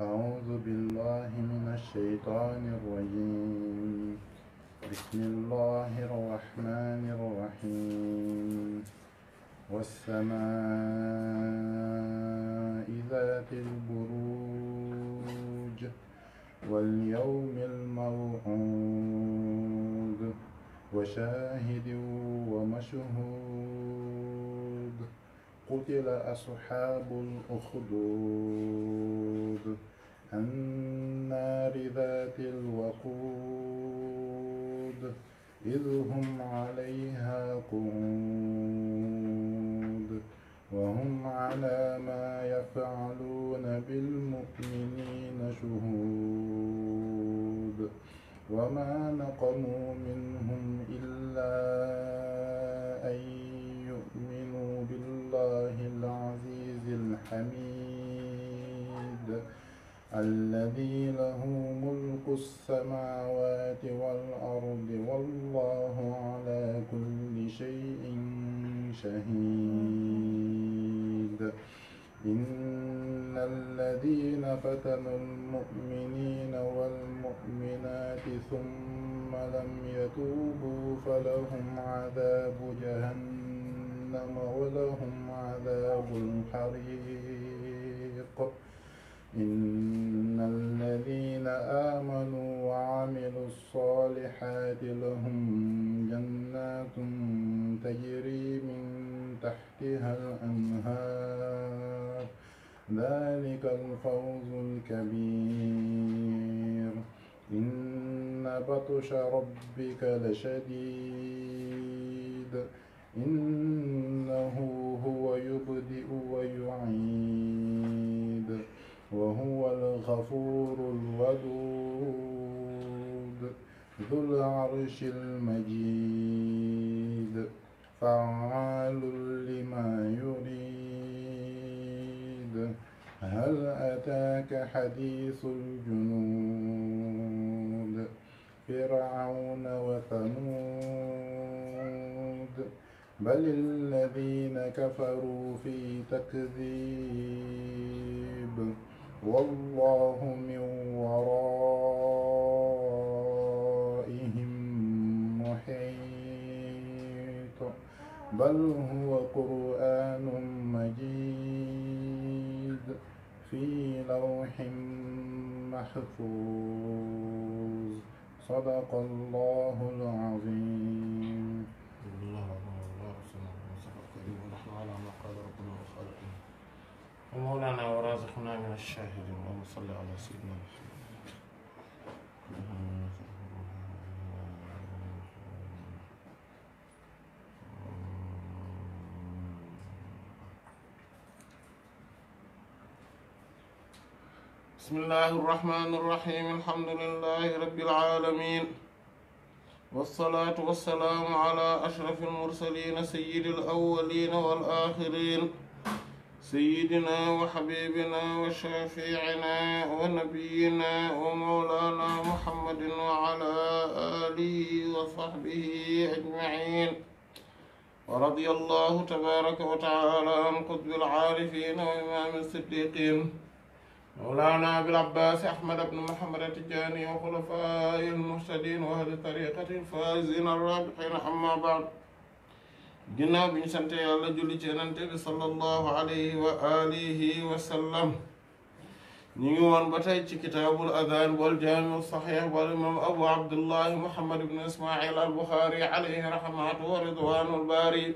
أعوذ بالله من الشيطان الرجيم بسم الله الرحمن الرحيم والسماء ذات البروج واليوم الموعود وشاهد ومشهود قتل أصحاب الأخدود النار ذات الوقود إذ هم عليها قعود وهم على ما يفعلون بالمؤمنين شهود وما نقموا منهم إلا الذي له ملك السماوات والأرض والله على كل شيء شهيد إن الذين فتنوا المؤمنين والمؤمنات ثم لم يتوبوا فلهم عذاب جهنم ولهم عذاب الحريق إن الذين آمنوا وعملوا الصالحات لهم جنات تجري من تحتها الأنهار ذلك الفوز الكبير إن بطش ربك لشديد إنه هو يبدئ ويعيد الغفور الودود ذو العرش المجيد فعال لما يريد هل أتاك حديث الجنود فرعون وثمود بل الذين كفروا في تكذيب والله من ورائهم محيط بل هو قرآن مجيد في لوح محفوظ صدق الله العظيم ومولانا ورازقنا من الشاهدين اللهم صل على سيدنا محمد بسم الله الرحمن الرحيم الحمد لله رب العالمين والصلاة والسلام على أشرف المرسلين سيد الأولين والآخرين سيدنا وحبيبنا وشفيعنا ونبينا ومولانا محمد وعلى آله وصحبه أجمعين ورضي الله تبارك وتعالى عن قطب العارفين وإمام الصديقين مولانا أبي العباس أحمد بن محمد التجاني وخلفاء المهتدين وأهل طريقة الفائزين الرابحين أما بعد ginnaaw bi ñu sante yàlla julli ci yonent bi sallallahu alayhi wa alihi wa sallam ñu ngi woon ba tey ci kitaabul adaan wal jaamiu saxiix wal abu abdullahi muhammad ibn ismail al buxaari alayhi rahmatu wa ridwanul baari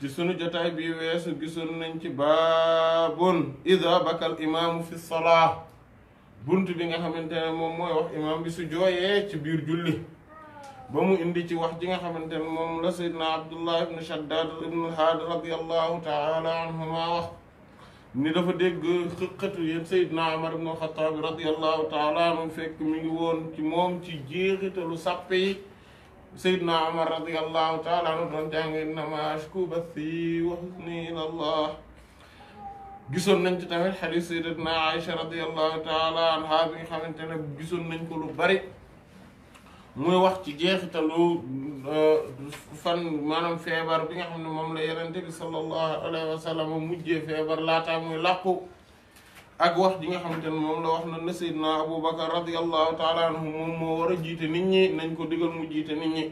ci sunu jotaay bi weesu gisoon nañ ci baabun ida bakal imaamu fi salaa bi nga xamante ne moom mooy ci biir julli ba mu indi ci wax ji nga xamante ne moom la sayyidna abdullah ibn shaddad ibn al-haad radiyallahu taala anhuma wax ni dafa dégg xëqatu yéen sayyidna umar ibn al-xattaab radiyallahu taala anhu fekk mi ngi woon ci moom ci jéexitalu sàppe yi sayyidna umar radiyallahu taala anhu doon jàng innama ashku bathi wa huzni ila allah gisoon nañ ci tamit xadiis sayyidatna aïcha radiyallahu taala anha bi nga xamante ne gisoon nañ ko lu bari muy wax ci jeexitalu euh, fan maanaam feebar bi nga xam ne moom la yenente bi sallallahu alayhi wa sallam feebar laataa muy laqu ak wax ji xam xamante moom la wax na ne Seydina Abu Bakar radiyallahu taala moom moo war a jiite nit ñi nañ ko digal mu jiite nit ñi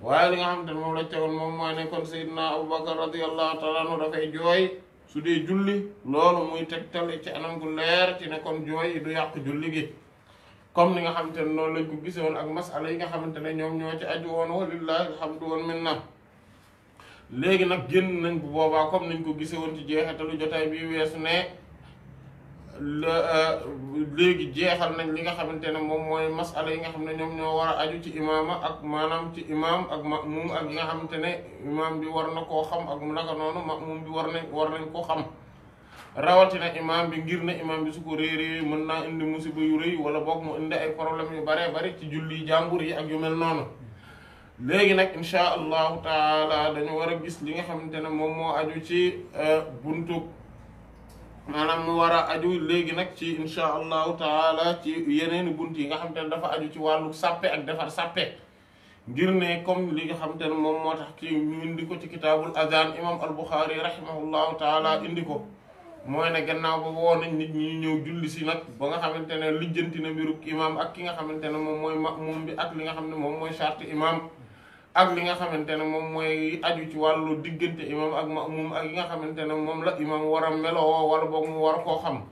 waaye li nga xamante ne moom la teewoon moom mooy ne kon Seydina Abu Bakar radiyallahu taala anhu dafay jooy su dee julli loolu muy tegtale ci anam gu leer ci ne kon jooy du yàq julli gi comme ni nga xamante ne noonu lañ ko gise ak masala yi nga xamante ne ñoom ñoo ci aju woonu walillahi alhamdu woon min na léegi nag génn nañ bu boobaa comme niñ ko gise woon ci jeexitalu jotaay bi weesu ne euh, léegi jeexal nañ li nga xamante ne moom mooy masala yi nga xam ne ñoom ñoo war a aju ci imaama ak maanaam ci imaam ak ma'muum ak yi xamante ne imaam bi war na koo xam ak naka noonu ma'muum bi war nañ war nañ koo xam rawatina imaam bi ngir ne imaam bi su ko réeree mën naa indi musiba yu rëy wala boog mu indi ay problème yu baree bari ci julli jàmbur yi ak yu mel noonu léegi nag inchaa allahu taala dañu war a gis li nga xam ne moom moo aju ci euh, buntu maanaam mu war a aju léegi nag ci inchaa allahu taala ci yeneeni bunt yi nga xamante ne dafa aju ci wàllu sàppe ak defar sàppe ngir ne comme li nga xamante ne moom moo tax ki ñu ci kitaabul azan imam al buxaari rahimahullahu taala indi ko mooy ne gannaaw ba woo nañ nit ñi ñëw julli si nag ba nga xamante ne lijjanti na mbiru imaam ak ki nga xamante ne moom mooy ma'muum bi ak li nga xam ne moom mooy charte imaam ak li nga xamante ne moom mooy aju ci wàllu diggante imaam ak ma'muum ak nga xamante ne moom la imaam war a meloo wala boog mu war koo xam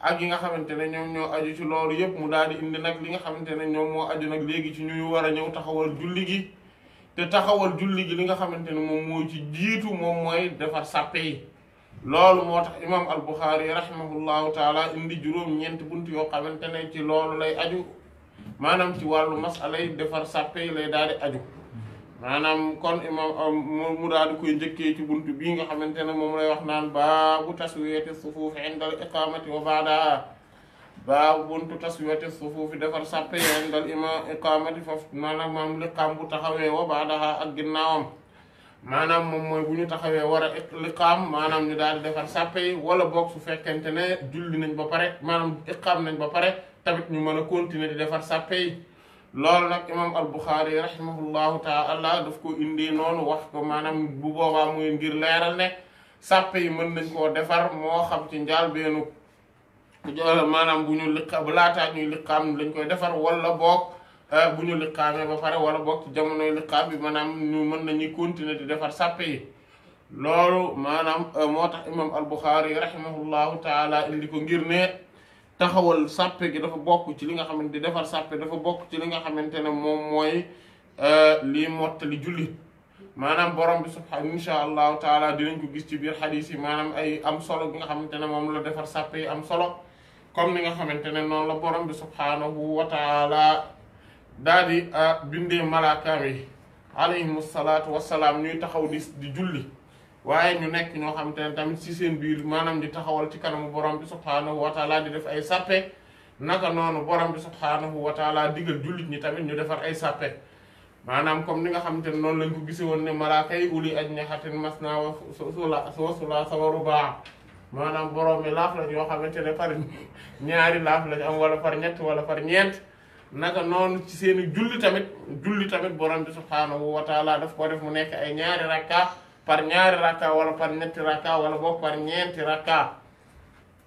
ak yi nga xamante ne ñoom ñoo aju ci loolu yëpp mu daal di indi nag li nga xamante ne ñoom moo aju nag léegi ci ñuy war a ñëw taxawal julli gi te taxawal julli gi li nga xamante ne moom moo ci jiitu moom mooy defar sàppe yi loolu moo tax imaam al buxaari rahimahullahu taala indi juróom-ñeent bunt yoo xamante ne ci loolu lay aju maanaam ci wàllu masala yi defar sàppe lay daal di aju maanaam kon imaam mu koy njëkkee ci bunt bii nga xamante ne moom lay wax naan baabu taswiyati sufuufi inda al iqaamati wa baadaha baabu buntu taswiyati sufuufi defar sàppe yi inda al iqaamati foofu maanaam maam liqaam bu taxawee wo baadaha ak ginnaawam maanaam moom mooy bu ñu taxawee war a liqaam maanaam ñu daal di defar sàppe yi wala boog su fekkente ne julli nañ ba pare maanaam iqaam nañ ba pare tamit ñu mën a continuer di defar sàppe yi loolu nag imam al-Bukhari rahimahullahu taala daf ko indi noonu wax ko maanaam bu boobaa muy ngir leeral ne sàppe yi mën nañ koo defar moo xam ci njaal beenu maanaam bu ñu liqa bu laataa ñuy liqaam lañ koy defar wala boog Euh, bu ñu liqaamee ba pare wala bokk ci jamonoy liqaam bi maanaam ñu mën nañuy continuer di defar sàppe yi loolu maanaam euh, moo tax imam al-Bukhari rahimahullahu taala indi ko ngir ne taxawal sàppe gi dafa bokk ci li nga xamante di defar sàppe dafa bokk ci li nga xamante ne moom mooy euh, lii mottali julli maanaam borom bi subhaanahu insha allahu taala nañ ko gis ci biir xadiis yi maanaam ay am solo gi nga xamante ne moom la defar sàppe yi am solo comme ni nga xamante ne noonu la borom bi subhaanahu wa daal di ah, bindee malaakaam yi alayhimu salaatu wassalaam ñuy taxaw di di julli waaye ñu nekk ñoo xam te ne tamit ci seen biir maanaam di taxawal ci kanamu borom bi subhaanahu wa taala di def ay sàppe naka noonu borom bi subhaanahu wa taala digal jullit ñi tamit ñu defar ay sàppe maanaam comme ni nga xamante ne noonu lañ ko gise woon ne malaaka yi uli aj ñaxatin mas naa wa su wasula sama rubaa maanaam borom mi laaf lañ yoo xamante ne par ñaari laaf lañ am wala par ñett wala par ñeent naka noonu ci seeni julli tamit julli tamit borom bi subhaanahu wa taala ko def mu nekk ay ñaari rakka par ñaari rakka wala par ñetti rakka wala boog par ñeenti rakka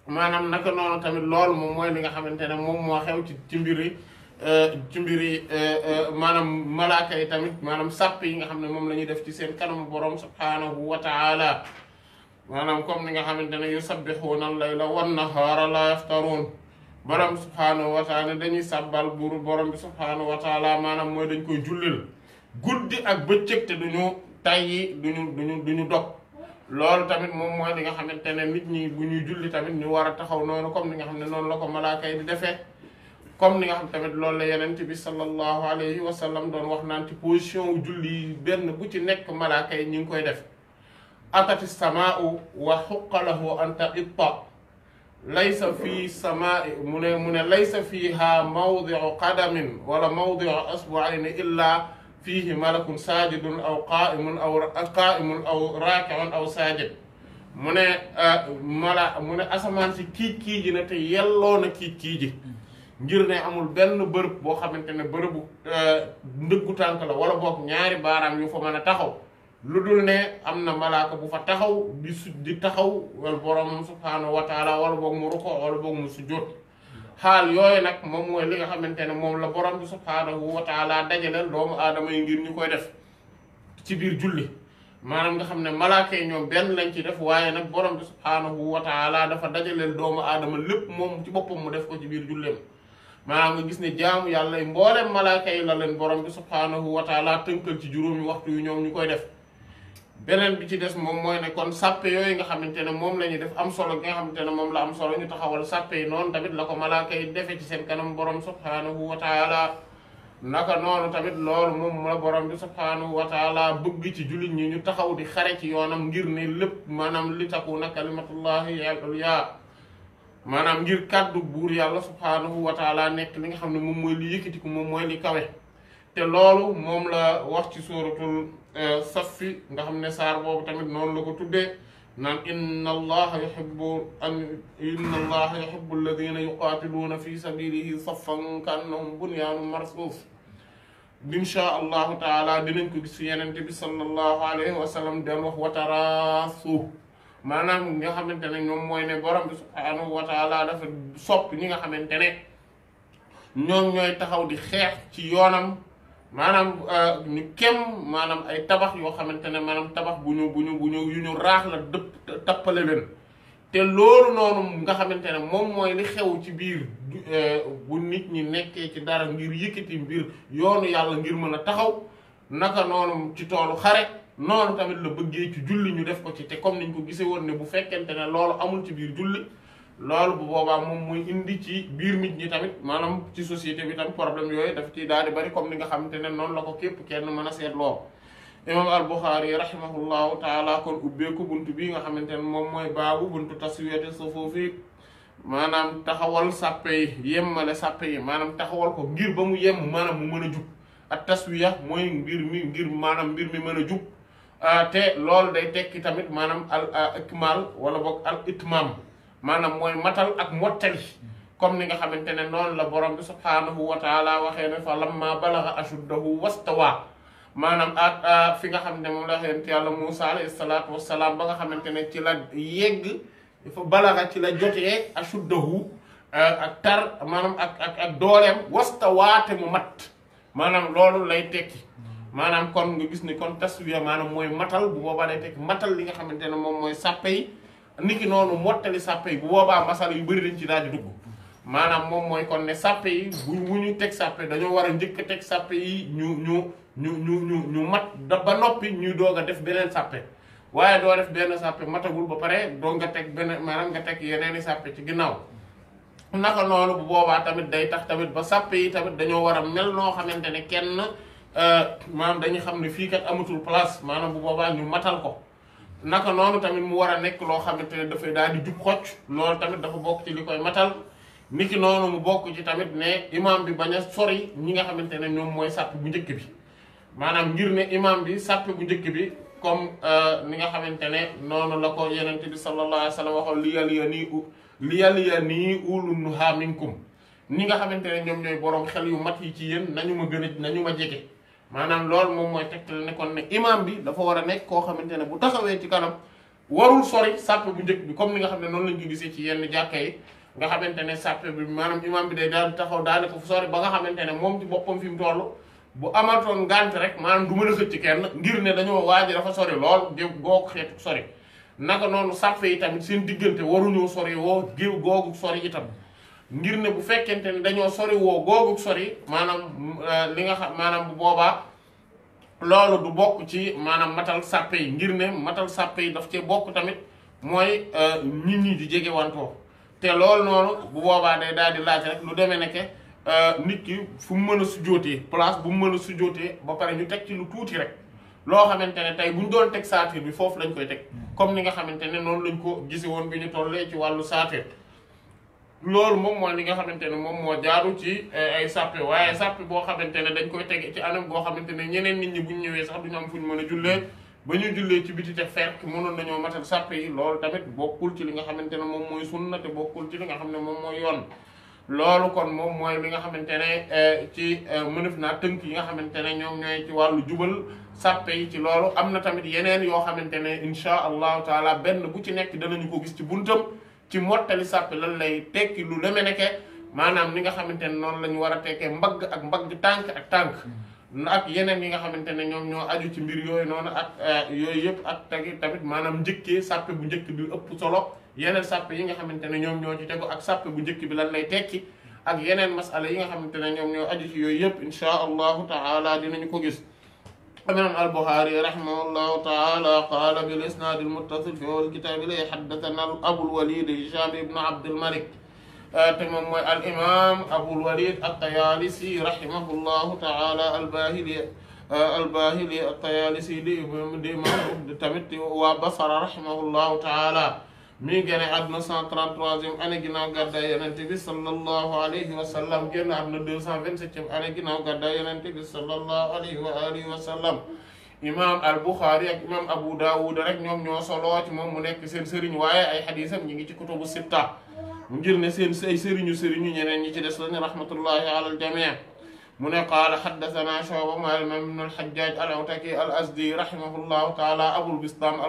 maanaam naka noonu tamit lool moom mooy li nga xamante ne moom moo xew ci ci mbiri euh, ci mbiri euh, euh, maanaam malaaka yi tamit maanaam sàpp yi nga xam ne moom la ñuy def ci seen kanamu borom subhaanahu wa taala maanaam comme ni nga xamante ne yusabbihuuna al-layla wan-nahaara laa yaftaruun borom subhaanahu wa taala dañuy sàbbal buuru borom bi subhaanahu wa taala maanaam mooy dañ koy jullil guddi ak bëccëg te duñu ñu duñu du ñu dog loolu tamit moom mooy li nga xamante ne nit ñi bu ñuy julli tamit ñu war a taxaw noonu comme ni nga xam ne noonu la ko malaaka yi di defee comme ni nga xam tamit lool la yeneen bi sallallahu alayhi wa sallam doon wax naan ci position wu julli benn bu ci nekk malaaka yi ñu ngi koy def atati samaa'u wa xuqalahu an taqitta ليس في سماء من من ليس فيها موضع قدم ولا موضع اصبعين الا فيه ملك ساجد او قائم او قائم او راكع او ساجد من آه، ملا من اسمان سي كي كي جي نتا يلو كي كي جي ngir ne amul benn bërëb boo xamante ne bërëbu lu dul ne am na malaaka bu fa taxaw di su di taxaw wala borom subhaanahu wa taala wala boog mu ruko wala boog mu sujjóot nag moom mooy li nga xamante ne moom la borom bi subhaanahu wa taala dajaleel aadama yi ngir ñu koy def ci biir julli maanaam nga xam ne malaaka yi ñoom benn lañ ci def waaye nag borom bi subhaanahu wa taala dafa dajaleel doomu aadama lépp moom ci mu def ko ci biir julleem maanaam nga gis ne jaamu yàlla yi mboolem malaaka yi la borom bi subhaanahu wa taala tënkal ci juróomi waxtu yu ñoom ñu koy def beneen bi ci des moom mooy ne kon sàppe yooyu nga xamante ne moom la ñu def am solo gi nga xamante ne moom la am solo ñu taxawal sàppe yi noonu tamit la ko malaaka yi defe ci seen kanam borom subhaanahu wa taala naka noonu tamit loolu moom la borom bi subhaanahu wa taala bëgg ci jullit ñi ñu taxaw di xare ci yoonam ngir ne lépp maanaam li takuna kalimatullahi al-ulya maanaam ngir kàddu buur yàlla subhaanahu wa taala nekk li nga xam ne moom mooy li yëkkati ko moom mooy li te loolu moom la wax ci sóoratul safi nga xam ne saar boobu tamit noonu la ko tuddee naan inna allaha yuhibbu an inna allaha yuhibbu alladina yuqatiluuna fi sabilihi saffan ka annahum bunyaanun marsuus insha allah taala dinañ ko gis fi yenente bi sallallahu alayhi wa sallam dan wax wataraasu maanaam nga xamante ne ñoom mooy ne borom bi subhaanahu wa taala dafa sopp ñi nga xamante ne ñoom taxaw di xeex ci yoonam maanaam ni euh, kem maanaam ay tabax yoo xamante ne maanaam tabax bu ñu bu ñu bu ñu yu ñu raax la dëpp tappale leen te loolu noonu nga xamante ne moom mooy li xew ci biir euh, bu nit ñi nekkee ci dara ngir yëkkati mbir yoonu yàlla ngir mën a taxaw naka noonu ci toolu xare noonu tamit la bëggee ci julli ñu def ko ci te comme ni ñu ko gisee woon ne bu fekkente ne loolu amul ci biir julli loolu bu boobaa moom muy indi ci biir mit ñi tamit maanaam ci société bi tam problème yooyu daf ci daal di bari comme nga xamante ne noonu la ko képp kenn mën a seetloo imam al-Bukhari rahimahullahu taala kon ubbeeku bunt bi nga xamante ne moom mooy baabu buntu taswiyati sufufi maanaam taxawal sàppe yi yemmale sàppe yi maanaam taxawal ko ngir ba mu yemm maanaam mu mën a jub ak mooy mbir mi ngir maanaam mbir mi mën a jub ah, te loolu day tekki tamit maanaam al ah, ikmal wala boog al itmam maanaam mooy matal ak mottali comme ni nga xamante ne noonu la borom bi subhaanahu wa taala waxee ne fa lamma balaga ashuddahu wastawa maanaam ak ah, fi nga xam ne moom la xeent yàlla Muusa alayhi salaatu ba nga xamante ne ci la yegg fa balaga ci la jotee ashuddahu ah, ak tar maanaam ak ak ak dooleem wastawaate mu mat maanaam loolu lay tekki maanaam kon nga gis ni kon taswiya maanaam mooy matal bu boobaa day tekki matal li nga xamante ne moom mooy sàppe yi niki noonu mottali sàppe yi bu boobaa masala yu bëri dañ ci daal di dugg maanaam moom mooy kon ne sàppe yi bu mu ñu teg sàppe dañoo war a njëkk teg sàppe yi ñu ñu ñu ñu ñu ñu mat da ba noppi ñuy doog a def beneen sàppe waaye doo def benn sàppe matagul ba pare doo nga teg beneen maanaam nga teg yeneeni sàppe ci ginnaaw naka noonu bu boobaa tamit day tax tamit ba sàppe yi tamit dañoo war a mel noo xamante ne kenn euh, maanaam dañuy xam ne fii kat amatul place maanaam bu boobaa ñu matal ko naka noonu tamit mu war a nekk loo xamante ne dafa daal di jub xocc loolu tamit dafa bokk ci li koy matal niki noonu mu bokk ci tamit ne imam bi bañ a sori ñi nga xamante ne ñoom mooy sàpp bu njëkk bi maanaam ngir ne imam bi sàpp bu njëkk bi comme euh, ni nga xamante ne noonu la ko yenente bi sallallahu alayhi wa sallam waxoon li yàll ya nii li yàll ya nii ulun ha nga xamante ne ñoom ñooy borom xel yu mat yi ci yéen nañu ma gën a nañu ma jege maanaam loolu moom mooy tegtal ne kon ne imam bi dafa war a nekk koo xamante ne bu taxawee ci kanam warul sori sàppe bu njëkk bi comme ni nga xam ne noonu lañ ko gisee ci yenn jàkka yi nga xamante ne sàppe bi maanaam imam bi day daal di taxaw daane ko fu sori ba nga xamante ne moom ci boppam fi mu toll bu amatoon gànt rek maanaam du mën a xëcc kenn ngir ne dañoo waa ji dafa sori lool géew googu xeetu sori naka noonu sàppe yi tamit seen diggante waruñoo sori woo géew googu sori itam ngir ne bu fekkente ne dañoo sori woo googu sori maanaam euh, li nga xam maanaam bu boobaa loolu du bokk ci maanaam matal sàppe yi ngir ne matal sàppe yi daf ci bokk tamit mooy euh, nit ñi di jege wantoo te loolu noonu bu boobaa day daal di laaj rek lu demee ne euh, nit ki fu mu mën a sujootee place bu mu mën a sujootee ba pare ñu teg ci lu tuuti rek loo xamante ne tey bu ñu doon teg saatir bi foofu lañ koy teg hmm. comme ni nga xamante ne noonu lañ ko gisi woon bi ñu tollee ci wàllu saatir loolu moom mooy li nga xamante ne moom moo jaaru ci eh, ay sàppe waaye sàppe boo xamante ne dañ koy tege ci anam goo xamante ne ñeneen nit ñi buñ ñëwee sax duñu am fuñ mën a jullee ba ñu ci biti te fekk mënoon nañoo matal sàppe yi loolu tamit bokkul li nga xamante ne moom mooy sunna te bokkul ci li nga xam ne moom mooy yoon loolu kon moom mooy li nga xamante ne eh, ci eh, mënef naa tënk yi nga xamante ne ñoom ñooy ci wàllu jubal sàppe ci loolu am na tamit yeneen yoo xamante ne inchaa allahu taala benn bu ci nekk dana ñu ko gis ci buntam ci mottali sàppi lan lay tekki lu leme nekke maanaam ni nga xamante ne noonu la ñu war a tekkee mbagg ak mbagg tànk ak tànk mm-hmm. ak yeneen yi nga xamante ne ñoom ñoo aju ci mbir yooyu noonu ak euh, yooyu yëpp ak tagi tamit maanaam njëkkee sàppe bu njëkk bi ëpp solo yeneen sàppe yi nga xamante ne ñoom ñoo ci tegu ak sàppe bu njëkk bi lan lay tekki ak yeneen masala yi nga xamante ne ñoom ñoo aju yooyu yëpp inchaa allahu taala dinañu ko gis الإمام البخاري رحمه الله تعالى قال بالإسناد المتصل في أول الكتاب إليه حدثنا أبو الوليد هشام بن عبد الملك آه، تمم الإمام أبو الوليد الطيالسي رحمه الله تعالى الباهلي آه، الباهلي الطيالسي دي دي تمت وبصر رحمه الله تعالى mi ngi génne àdduna 133e année ginnaaw gàddaay yonent bi sallallahu alayhi wa sallam génn àdduna 227e année ginnaaw gàddaay yonent bi sallallahu alayhi wa alihi wa sallam imam al buxaari ak imam abu daawud rek ñoom ñoo soloo ci moom mu nekk seen sëriñ waaye ay xadiisam ñi ngi ci kutubu sitta mu ngir ne seen ay sëriñu sëriñu ñeneen ñi ci des lañu rahmatullahi ala al jamii mu ne qaala xaddasanaa Shu'ba ma'a al-imaam ibn al-Hajjaaj al-Awtaki al-Azdi rahimahullahu taala abul bistaam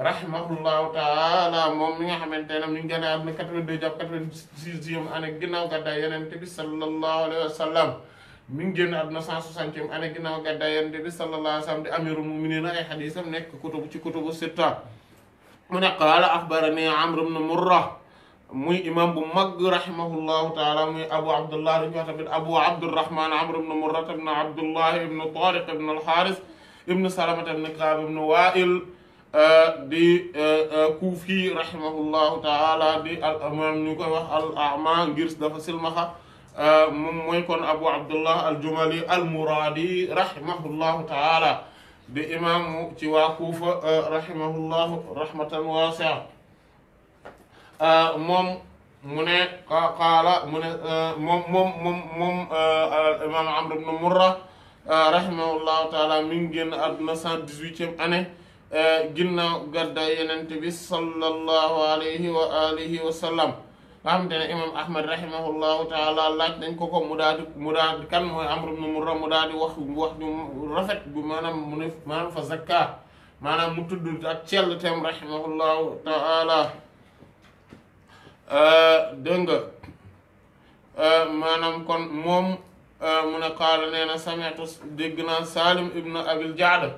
rahimahullahu taala moom mi nga xamante ne mi ngi génn àdduna 82 jàpp 86e année ginnaaw gàddaay Yonent bi sallallahu alayhi wa sallam mi ngi génn àdduna 160e année ginnaaw gàddaay Yonent bi sallallahu alayhi wa sallam di amiirul mu'miniin mu ne qaala axbarani Amr ibn Murra muy imam bu mag rahimahullahu taala muy abu abdullah dañu wax tamit abu abdurrahman amr ibn murrat ibn abdullah ibn tariq ibn alxaaris ibn salamata ibn kaab ibn Euh, di euh, euh, kuufi rahimahullahu taala di al imam ñu koy wax al ama ngir dafa silmaxa moom mooy kon abu abdullah al jumali al muradi rahimahullahu taala di imaamu ci waa kuufa rahimahullahu rahmatan waasia moom mu ne qaala mu ne moom moom moom moom imaam amr ibn murra rahimahullahu taala mi ngi génn àdduna cent dix-huitième année ginnaaw gaddaay yenent bi sallallahu alayhi wa alihi wa sallam nga xamante ne imam ahmad rahimahullahu taala laaj nañ ko ko mu daa di mu daa di kan mooy amru ibn murra mu daa di wax wax ñu rafet bu maanaam mu ne maanaam fa zakka maanaam mu tudd ak cell teem rahimahullahu taala dégg nga maanaam kon moom mu ne qaala nee na sami'tu dégg naa salim ibn abil jaada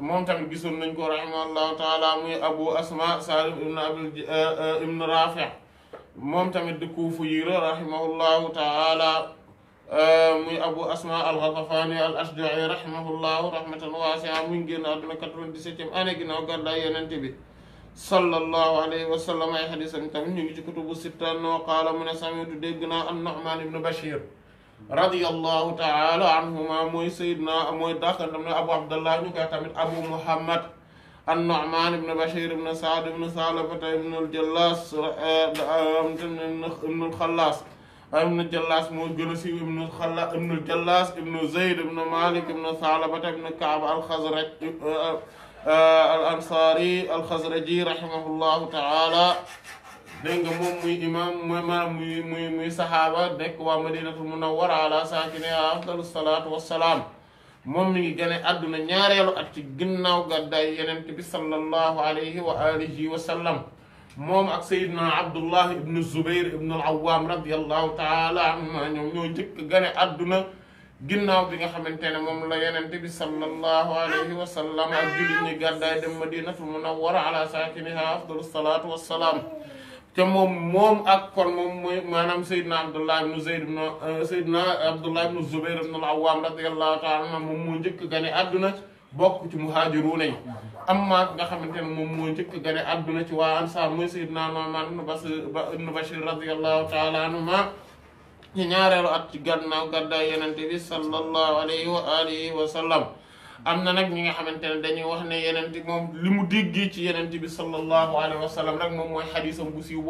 moom tamit gisoon nañ ko rahimahullahu taala muy abu asma salim ibn abul ibn rafi mom tamit de kufu yi la rahimahullahu taala muy abu asma al ghatafani al ashja'i rahimahullahu rahmatan wasi'a muy ngi aduna àdduna 97e année ginnaaw gàddaay yonent bi sallallahu alayhi wa sallam ay xadiisam tam ñu ngi ci kutubu sitta no qala mun ne sami'tu degna an nu'man ibn bashir رضي الله تعالى عنهما موي سيدنا موي داخل من ابو عبد الله نيكا تاميت ابو محمد النعمان بن بشير بن سعد بن سالفة بن الجلاس بن الخلاص ابن الجلاس مو جلسي ابن الخلاص ابن الجلاس ابن زيد بن مالك بن ثعلبة بن كعب الخزرج الأنصاري الخزرجي رحمه الله تعالى dégg mom muy imam muy maanaam muy muy muy saxaaba nekk waa madinatul munawwar ala sakin afdalu salaatu wassalaam moom mi ngi gane aduna ñaarelu at ci ginnaaw gàddaay yenent bi sallallahu alayhi wa alihi wa sallam moom ak sayidna abdullah ibn zubair ibn al-awwam radiyallahu taala anhuma ñoom ñoo njëkk gane aduna ginnaw bi nga xamantene mom moom la yenente bi sallallahu alayhi wa sallam ak jullit ñi gàddaay dem madinatul munawwar ala saakiniha afdalus salatu wassalam te moom moom ak kon moom mooy maanaam Seydina Abdullah ibnu Zayd ibnu euh, Seydina Abdullah ibnu Zubayr ibnu al-Awwam radiyallahu taala anhu moom moo njëkk gane àdduna bokk ci muhaajiruuna yi amma nga xamante ne moom moo njëkk gane àdduna waa ansaar mooy Seydina Nu'man ibnu Bas ibnu Bashir radiyallahu taala anhuma ci ñaareelu at ci gannaaw gàddaay Yonent bi sallallahu alayhi wa alihi amna nak ñi nga xamantene dañuy wax ne yenent moom li mu déggee ci yenent bi sallallahu alayhi wa sallam rek moom mooy xadisam bu siiw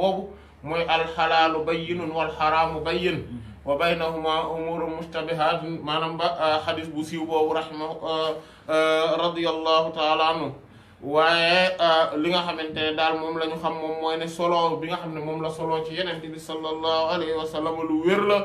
moy al halal bayyinun wal haram bayyin wa baynahuma umurun mustabihaat manam ba hadith bu si boobu rahimahu radiyallahu taala anhu waye li nga xamantene dal mom lañu xam mom moy ne solo bi nga xamne mom la solo ci yenent bi sallallahu alayhi wa sallam lu wér la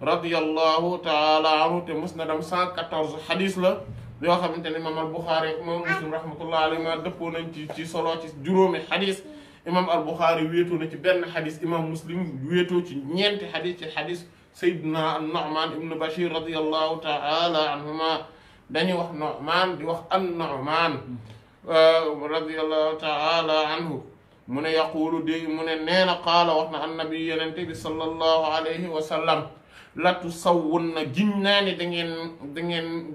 radiyallahu taala anhu te musnadam 114 hadith la yo xamante ne imaam al bukhari ak imaam Muslim rahmatullah alayhi ma dëppoo nañ ci ci solo ci juromi hadith imam al bukhari weto na ci ben hadith imam Muslim weto ci ñent hadith ci hadith Seydina an-Nu'man ibn Bashir radiyallahu ta'ala anhuma dañu wax Nu'man di wax an-Nu'man radiyallahu ta'ala anhu mu ne yaquulu dé mu ne nee na qaala wax na annabi yenente bi sallallahu alayhi wa sallam la tusawwun na giñ naa ne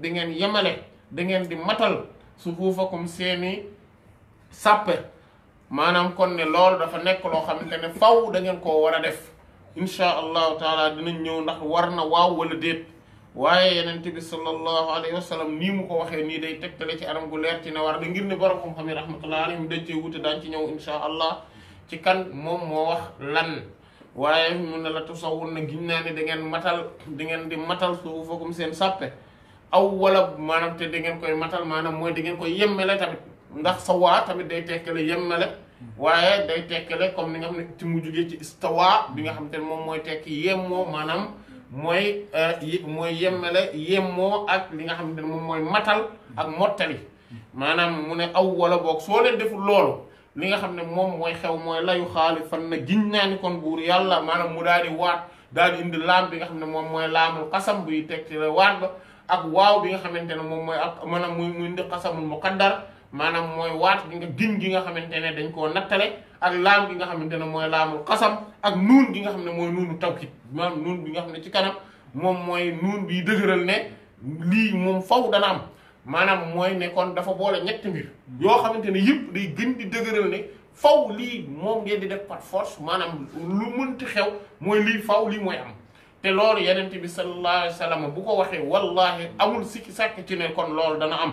da da ngeen di matal su fuufakum seeni sàppe maanaam kon ne lool dafa nekk loo xamante ne faw da ngeen koo war a def insha allahu taala dinañ ñëw ndax war na waaw wala déet waaye yenent bi sallallahu alayhi wa sallam nii mu ko waxee nii day tegtale ci anam gu leer ci ne war da ngir ne borom xam-xam yi rahmatullahi alayhim dañ cee wute daan ci ñëw insha allah ci kan moom moo wax lan waaye mu ne la tusawun na giñ naa ne da ngeen matal da ngeen di matal suufakum seen sàppe aw wala maanaam te da ngeen koy matal maanaam mooy da ngeen koy yemmele tamit ndax sawaa tamit day tekkale yemmele waaye day tekkale comme ni nga xam ne ci mu jugee ci istawa bi nga xam te ne moom mooy tekki yemmoo maanaam mooy euh, mooy yemmele yemmoo ak li nga xam ne moom mooy matal ak mottali maanaam mu ne aw wala boog soo leen deful loolu li nga xam ne moom mooy xew mooy layu xaali fan na giñ naa ni kon buur yàlla maanaam mu daal di waat daal di indi laam bi nga xam ne moom mooy laamul xasam buy tekki la waat ak waaw bi nga xamante ne moom mooy ak maanaam muy muy qasamul muqaddar maanaam mooy waat gi nga giñ gi nga xamante ne dañ koo nattale ak laam gi nga xamante ne mooy laamul qasam ak nuun gi nga xam ne mooy nuunu tawkid maanaam nuun bi nga xam ne ci kanam moom mooy nuun bi dëgëral ne lii moom faw dana am maanaam mooy nekkoon dafa boole ñett mbir yoo xamante ne yëpp day gën di dëgërël ne faw lii moom ngeen di def par force maanaam lu mënti xew mooy lii faw lii mooy am لول يننتي بي صلى الله عليه وسلم بوكو واخي والله امول سيكي ساك تي نه كون لول دا نا ام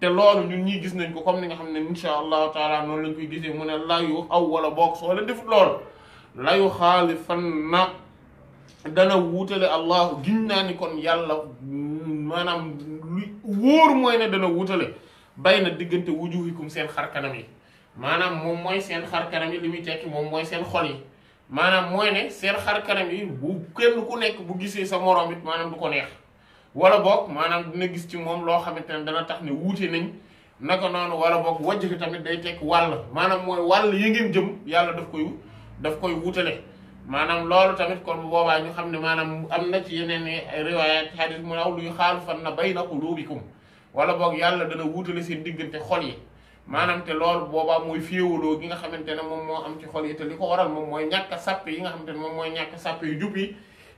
تي لول نين ني غيس نانكو كوم نيغا خامن ان شاء الله تعالى نون لنجي غيس مون لا يو او ولا بوك سو لا ديف لول لا يو خالفنا دا نا ووتال الله غيناني كون يالا مانام وور موي نه دا نا ووتال باينا ديغنت وجوهكم سين خار كانامي مانام موم موي سين خار كانامي لي مي تيك موم موي سين خولي maanaam mooy ne seen xar kanam yi bu kenn ku nekk bu gisee sa moroom it maanaam du ko neex wala boog maanaam dina gis ci moom loo xamante ne dana tax ne wuute nañ naka noonu wala boog wajj tamit day tekk wàll maanaam mooy wàll yi ngeen jëm yàlla daf koy daf koy wutale maanaam loolu tamit kon bu boobaa ñu xam ne maanaam am na ci yeneen riwaayaat xadis mu ne aw luy xaal fan na bay na ko qulubikum wala boog yàlla dana wutale seen diggante xol yi maanaam te loolu boobaa mooy féewaloo gi nga xamante ne moom moo am ci xol yi te li ko waral moom mooy ñàkk sàpp yi nga xamante ne moom mooy ñàkk sàpp yu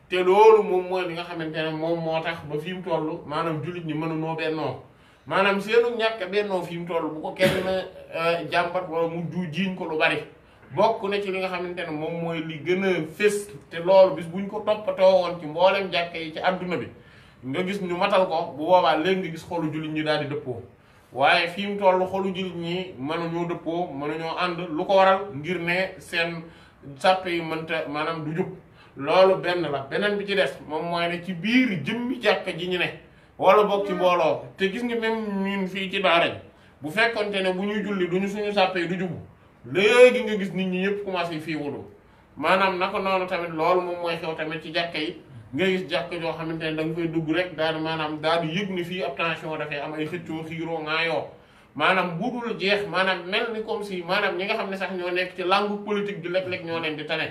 te loolu moom li nga xamante ne moom moo tax ba fi mu toll maanaam jullit ñi mënunoo bennoo maanaam seenu ñàkk bennoo mu toll bu ko kenn euh, wala mu du jiiñ ko lu bari bokk na ci li nga xamante ne moom mooy li gën a fés te loolu bis buñ ko toppatoo woon ci mboolem jàkk yi ci adduna bi nga gis ñu matal ko bu boobaa léegi nga gis xolu jullit ñi daal di dëppoo waaye fii mu toll xolu jullit ñi mënuñoo dëppoo ñoo ànd lu ko waral ngir ne seen sàppe manta mënta maanaam du jub loolu benn la beneen bi ci des moom mooy ne ci biir jëmmi jàkka ji ñu ne wala bokk ci mbooloo te gis nga même ñun fii ci daara bu fekkonte ne bu ñuy julli duñu suñu sàppe yi du jubu léegi nga gis nit ñi ñëpp commencé fii wudu maanaam naka noonu tamit loolu moom mooy xew tamit ci jàkka yi nga gis jàkk joo xamante ne da nga fay dugg rek daal maanaam daal di yëg ni fii ab tension dafay am ay xëccoo xiiroo ŋaayoo maanaam bu dul jeex maanaam mel ni comme si maanaam ñi nga xam ne sax ñoo nekk ci langue politique bi léeg-léeg ñoo leen di tane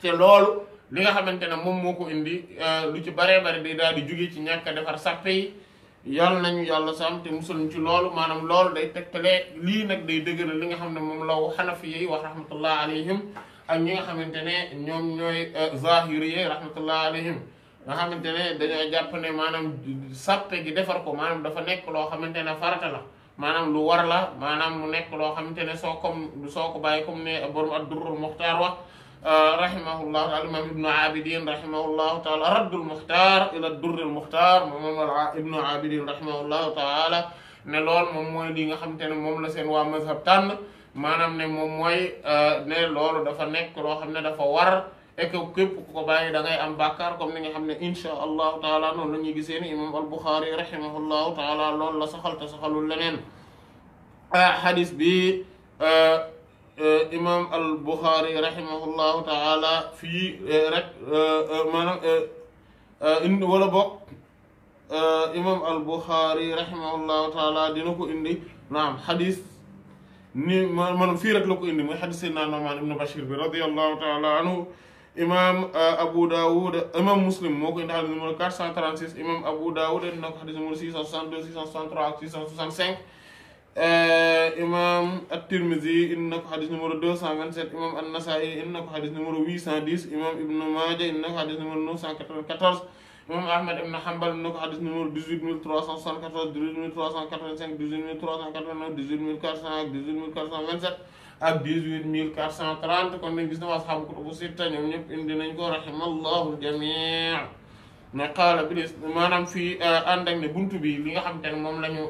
te loolu li nga xamante ne moom moo ko indi euh, lu ci baree bari day daal di jugee ci ñàkk a defar sàppe yi yàlla nañu yàlla sàmm te musul ñu ci loolu maanaam loolu day tegtalee lii nag day dëgëral li nga xam ne moom law xanafi yi wax rahmatullah alayhim ak ñi nga xamante ne ñoom ñooy zahiriye rahmatullah alayhim nga xamante ne dañoo jàpp ne maanaam sàppe gi defar ko maanaam dafa nekk loo xamante ne farata la maanaam lu war la maanaam mu nekk loo xamante ne soo comme soo ko bàyyi comme ne borom ad-durrul muxtaar wax rahimahullah taala imam ibnu abidin rahimahullahu taala raddul muxtaar ila durril muxtaar moom ibnu abidin rahimahullahu taala ne lool moom mooy li nga xamante ne moom la seen waa mazhab tànn maanaam ne moom mooy euh, ne loolu dafa nekk loo xam ne dafa war et que ku ko bàyyi da ngay am bàkkaar comme ni nga xam ne insha allahu taala noon la ñuy gisee ni imam al-Bukhari rahimahullahu taala loolu la saxal te saxalul leneen xadis ah, bi euh, euh, imam al-Bukhari rahimahullahu taala fii rek maanaam wala bokk imam al-Bukhari rahimahullahu taala dina ko indi naam xadis ni man fii rek la ko indi mooy xadis seydna Nu'man ibn Bashir bi radiyallahu imam uh, Abu Dawud imam Muslim moo ko indi xadis numéro 436 imam Abu Dawud indi na ko xadis numéro 662 663 ak 665 uh, imam At-Tirmidhi indi na ko xadis numéro 227 imam An-Nasa'i indi na ko xadis numéro 810 imam Ibn Maaja indi na ko xadis numéro 994 imam ahmed ibn hanbal na ko xadis numéro 18374 18385 18389 18400 18427 ak 18430 kon nañ gis na asxaabu kutubu sitta ñoom ñëpp indi nañ ko rahimallahu jamii ne qaala bilis maanaam fii ànd ak ne buntu bi li nga xam te ne moom la ñu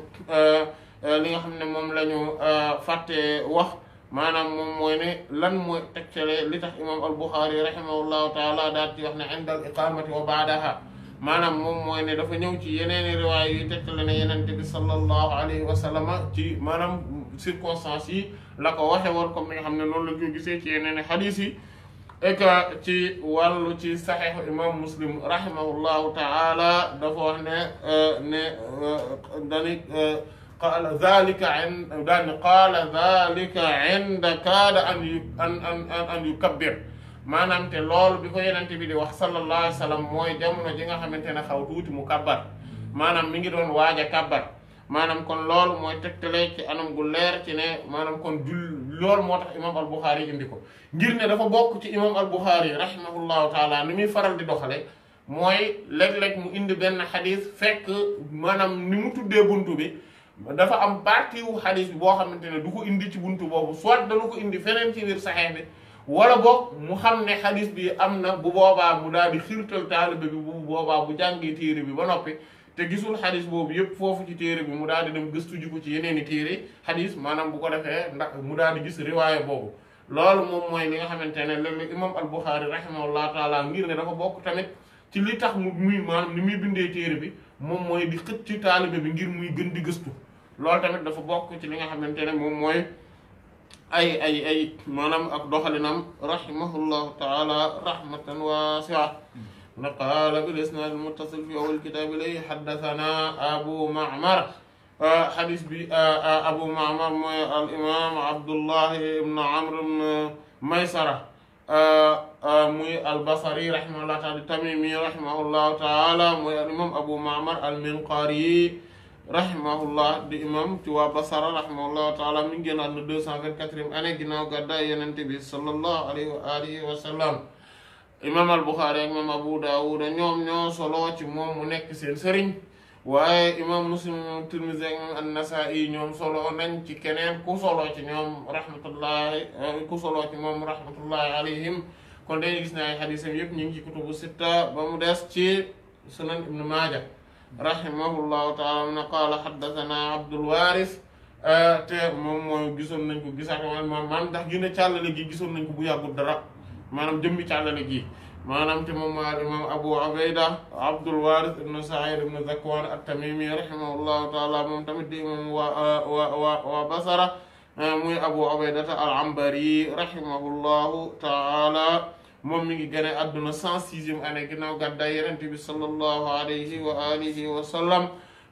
li nga xam ne moom la ñu fàtte wax maanaam moom mooy ne lan mooy tegcale li tax imam al buxaari rahimahullahu taala daal ci wax ne inda al iqamati wa baadaha maanaam moom mooy ne dafa ñëw ci yeneeni riwaay yu tegtale ne yenente bi sallallahu alayhi wa sallam ci maanaam circonstances yi la ko waxe woon comme ni nga xam ne loolu la ñu gisee ci yeneeni xadiis yi et que ci wàllu ci saxiixu imam muslim rahimahullahu taala dafa wax ne euh, ne euh, euh, dani qaala zalika in daani qaala zalika inda kaada an yu an an an yukabbir maanaam te loolu bi ko yenente bi di wax sallallahu alayhi wa sallam mooy jamono ji nga xamante ne xaw tuuti mu kabbar maanaam mi ngi doon waaje a kabbar maanaam kon loolu mooy tegtale ci anam gu leer ci ne maanaam kon jul loolu moo tax imam al-Bukhari indi ko ngir ne dafa bokk ci imam al-Bukhari rahimahullahu taala ni muy faral di doxale mooy léeg-léeg mu indi benn xadis fekk maanaam ni mu tuddee bunt bi dafa am partie wu boo xamante ne du ko indi ci buntu boobu soit dana ko indi feneen ci biir saxeex bi wala boog mu xam ne xadis bi am na bu boobaa mu daal di xirtal taalibe bi bu boobaa bu jàngee téere bi ba noppi te gisul xadis boobu yëpp foofu ci téere bi mu daal di dem gëstu ji ci yeneen i téere xadis maanaam bu ko defee ndax mu daal di gis riwaaya boobu loolu moom mooy li nga xamante ne léeg-léeg imam al-Bukhari rahimahullah taala ngir ne dafa bokk tamit ci li tax mu muy maanaam ni muy bindee téere bi moom mooy di ci taalibe bi ngir muy gën di gëstu loolu tamit dafa bokk ci li nga xamante ne moom mooy ay ay ay maanaam ak doxalinam rahimahullahu taala rahmatan waasi'a na qaala bil isnaad al muttasil fi awwal kitaab ilay haddathana abu ma'mar xadis bi abu ma'mar mooy al imam abdullahi ibn amr ibn maysara muy al basri rahimahullahu taala tamimi rahimahullahu taala mooy al imam abu ma'mar al minqari rahimahullah di imam ci waa basara rahimahullah taala mi ngi génn àdduna Ane ginaaw gadda yenen ya année bi sallallahu alaihi wa alihi wa sallam imam al Bukhari imam abu Daud ñom ñoo solo ci mom mu nekk seen serign waye imam muslim imam ak an-nasa'i ñom solo nañ ci keneen ku solo ci ñom rahmatullahi eh, ku solo ci mom rahmatullahi alaihim kon day gis na ay yëpp ngi ci kutubu sita ba mu des ci sunan ibnu majah rahimahullahu taala mu ne qaala xaddasanaa abdul waaris te moom mooy gisoon nañ ko gisaat maanaam maanaam ndax ñu ne càllale gi gisoon nañ ko bu yàggul dara maanaam jëmmi càllale gi maanaam te moom maa imaam abu ubayda abdul waaris ibnu said ibnu zakwaan at-tamimi rahimahullahu taala moom tamit di imaam waa waa waa basara muy abu ubaydata al ambari rahimahullahu taala moom mi ngi gane àdduna cent sixième année ginnaaw gàddaay yenente bi sallallahu alayhi wa alihi wa sallam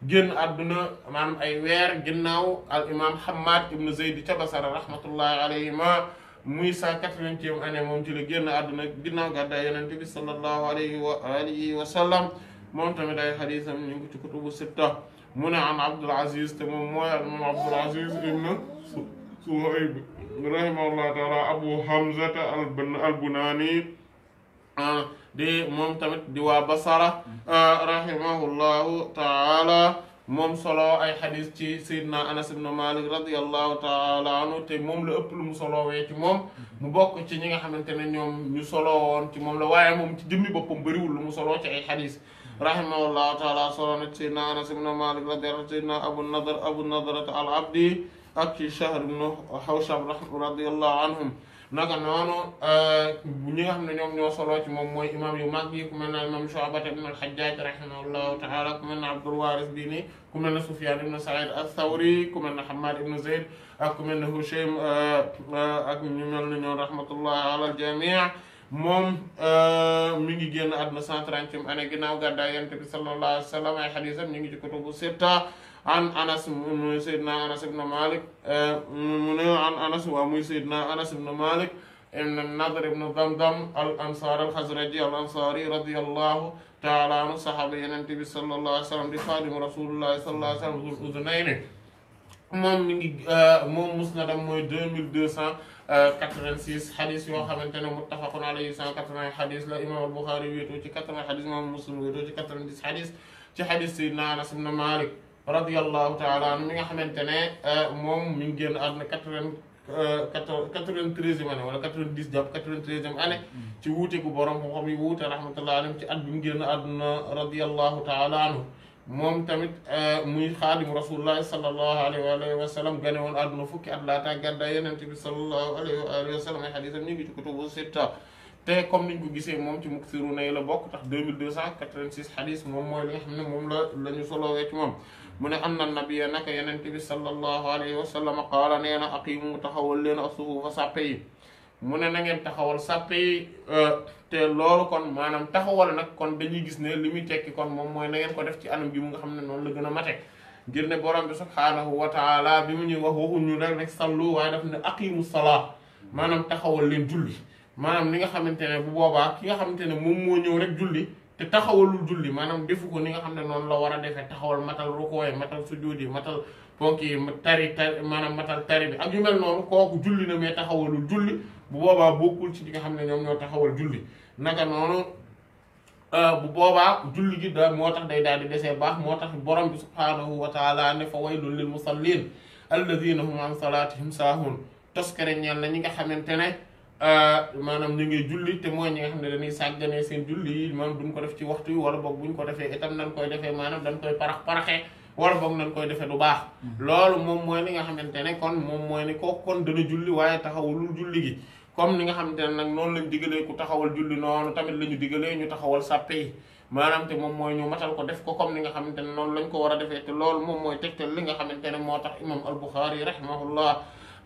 génn àdduna maanaam ay weer ginnaaw al imam Hammad ibn Zayd ca Basra rahmatullahi alayhima muy cent quatre-vingtième année moom ci la adduna àdduna ginnaaw gàddaay yenente bi sallallahu alayhi wa alihi wa sallam moom tamit ay xadiisam ñu ngi ci kutubu sitta mu ne an Abdul Aziz te moom mooy moom Abdul Aziz ibn Suhayb rahimahullah taala abu hamzata albunaani ah, di moom tamit di waa basara ah, rahimahullahu taala moom solo ay xadis ci saydna anas ibn malik radiallahu taala anhu te moom la ëpp lu mu solowee ci moom mu bokk ci ñi nga xamante ne ñoom ñu solo woon ci moom la waaye moom ci jëmmi boppam bëriwul lu mu soloo ci ay xadis rahimahullahu taala solo na ci saydna anas ibn malik radiallahu saydna abu nadar abu nadarata al abdi أكي شهر منه حوشة رضي الله عنهم نجا نانو آه، بنيها من يوم نيو صلاة مم مي إمام يوم أكي كمان الإمام شعبة بن الحجاج رحمه الله تعالى كمان عبد الوارث ديني كمان سفيان بن سعيد الثوري كمان حماد بن زيد آه، كمان هشيم آه، أكمل من نيو رحمة الله على الجميع موم ا ميغي ген ادنا 130 انا غيناو غدا ينتبي صلى الله عليه وسلم اي حديثا ميغي جي كتبو سته عن أنس سيدنا أنس بن مالك آه، من عن أنس وأمي سيدنا أنس بن مالك إن النضر بن ضمضم الأنصار الخزرجي الأنصاري رضي الله تعالى عنه صحابي النبي صلى الله عليه وسلم بخادم رسول الله صلى الله عليه وسلم ذو الأذنين مم مم مسند موي 2286 حديث يو خامتاني متفق عليه 180 حديث لا إمام البخاري ويتو 80 حديث مم مسلم ويتو 90 حديث في حديث سيدنا أنا بن مالك radiyallahu taala mi nga xamante ne euh, moom mi ngi génn àdduna quatre-vingt euh, quatre-vingt-treizième année wala quatre-vingt-dix jàpp quatre-vingt-treizième année ci wuute gu borom xam-xam yi wuute rahmatullahi alayhim bi mu génn àdduna radiyallahu taala anhu moom tamit euh, muy xaadimu rasulullahi sallallahu alayhi wa sallam gane woon àdduna fukki at laataa gàddaay ay xadiisam ñu ngi ci kutubu sitta te comme niñ ko gisee moom ci muksiru nay bokk tax deux mille deux cent quatre-vingt-six moom mooy li nga xam moom la من أن النبي نك ينتبى صلى الله عليه وسلم قال أنا أقيم تحول لنا أصوه فسابي من أن ين تحول تلول كون ما نم تحول نك كون دنيج سنر ليميت كي كون مم من أن ين كون أنم بيمون خمن نون لجنا ماتك جرن بورام بسخ حاله وتعالى بيمون يوهو نورك نك صلوا وعرف أن أقيم الصلاة ما نم تحول لين جولي ما نم نيجا خمن تنا بوابا كي خمن تنا مم مو نورك جولي te taxawalul julli maanaam defu ko ni nga xam ne noonu la war a defee taxawal matal rukooy matal sujjóot yi matal ponk yi tari tari maanaam matal tari bi ak yu mel noonu kooku julli na mais taxawalul julli bu boobaa bokkul ci li nga xam ne ñoom ñoo taxawal julli naka noonu euh, bu boobaa julli gi da moo tax day daal di desee baax moo tax borom bi subhaanahu wa taala ne fa waylun lil musallin alladina hum an salatihim saahun toskere ñeel na ñi nga xamante ne Euh, maanaam ñu ngi julli te mooy ñi nga xam ne dañuy sàggane seen julli yi maanaam duñ ko def ci waxtu wi wala bu ñu ko defee itam nañ koy defee maanaam dañ koy parax paraxee wala boog nañ koy defee du baax. Mm-hmm. loolu moom mooy li nga xamante ne kon moom mooy ni kooku kon dana julli waaye taxawulul julli comme ni nga xamante ne nag noonu lañ digalee ku taxawal julli noonu tamit la ñu digalee ñu taxawal sàppe yi te moom mooy ñu matal ko def ko comme ni nga xam ne noonu lañ ko war a defee te loolu moom mooy tegtal li nga xamante ne moo tax imam al-Bukhari rahimahullah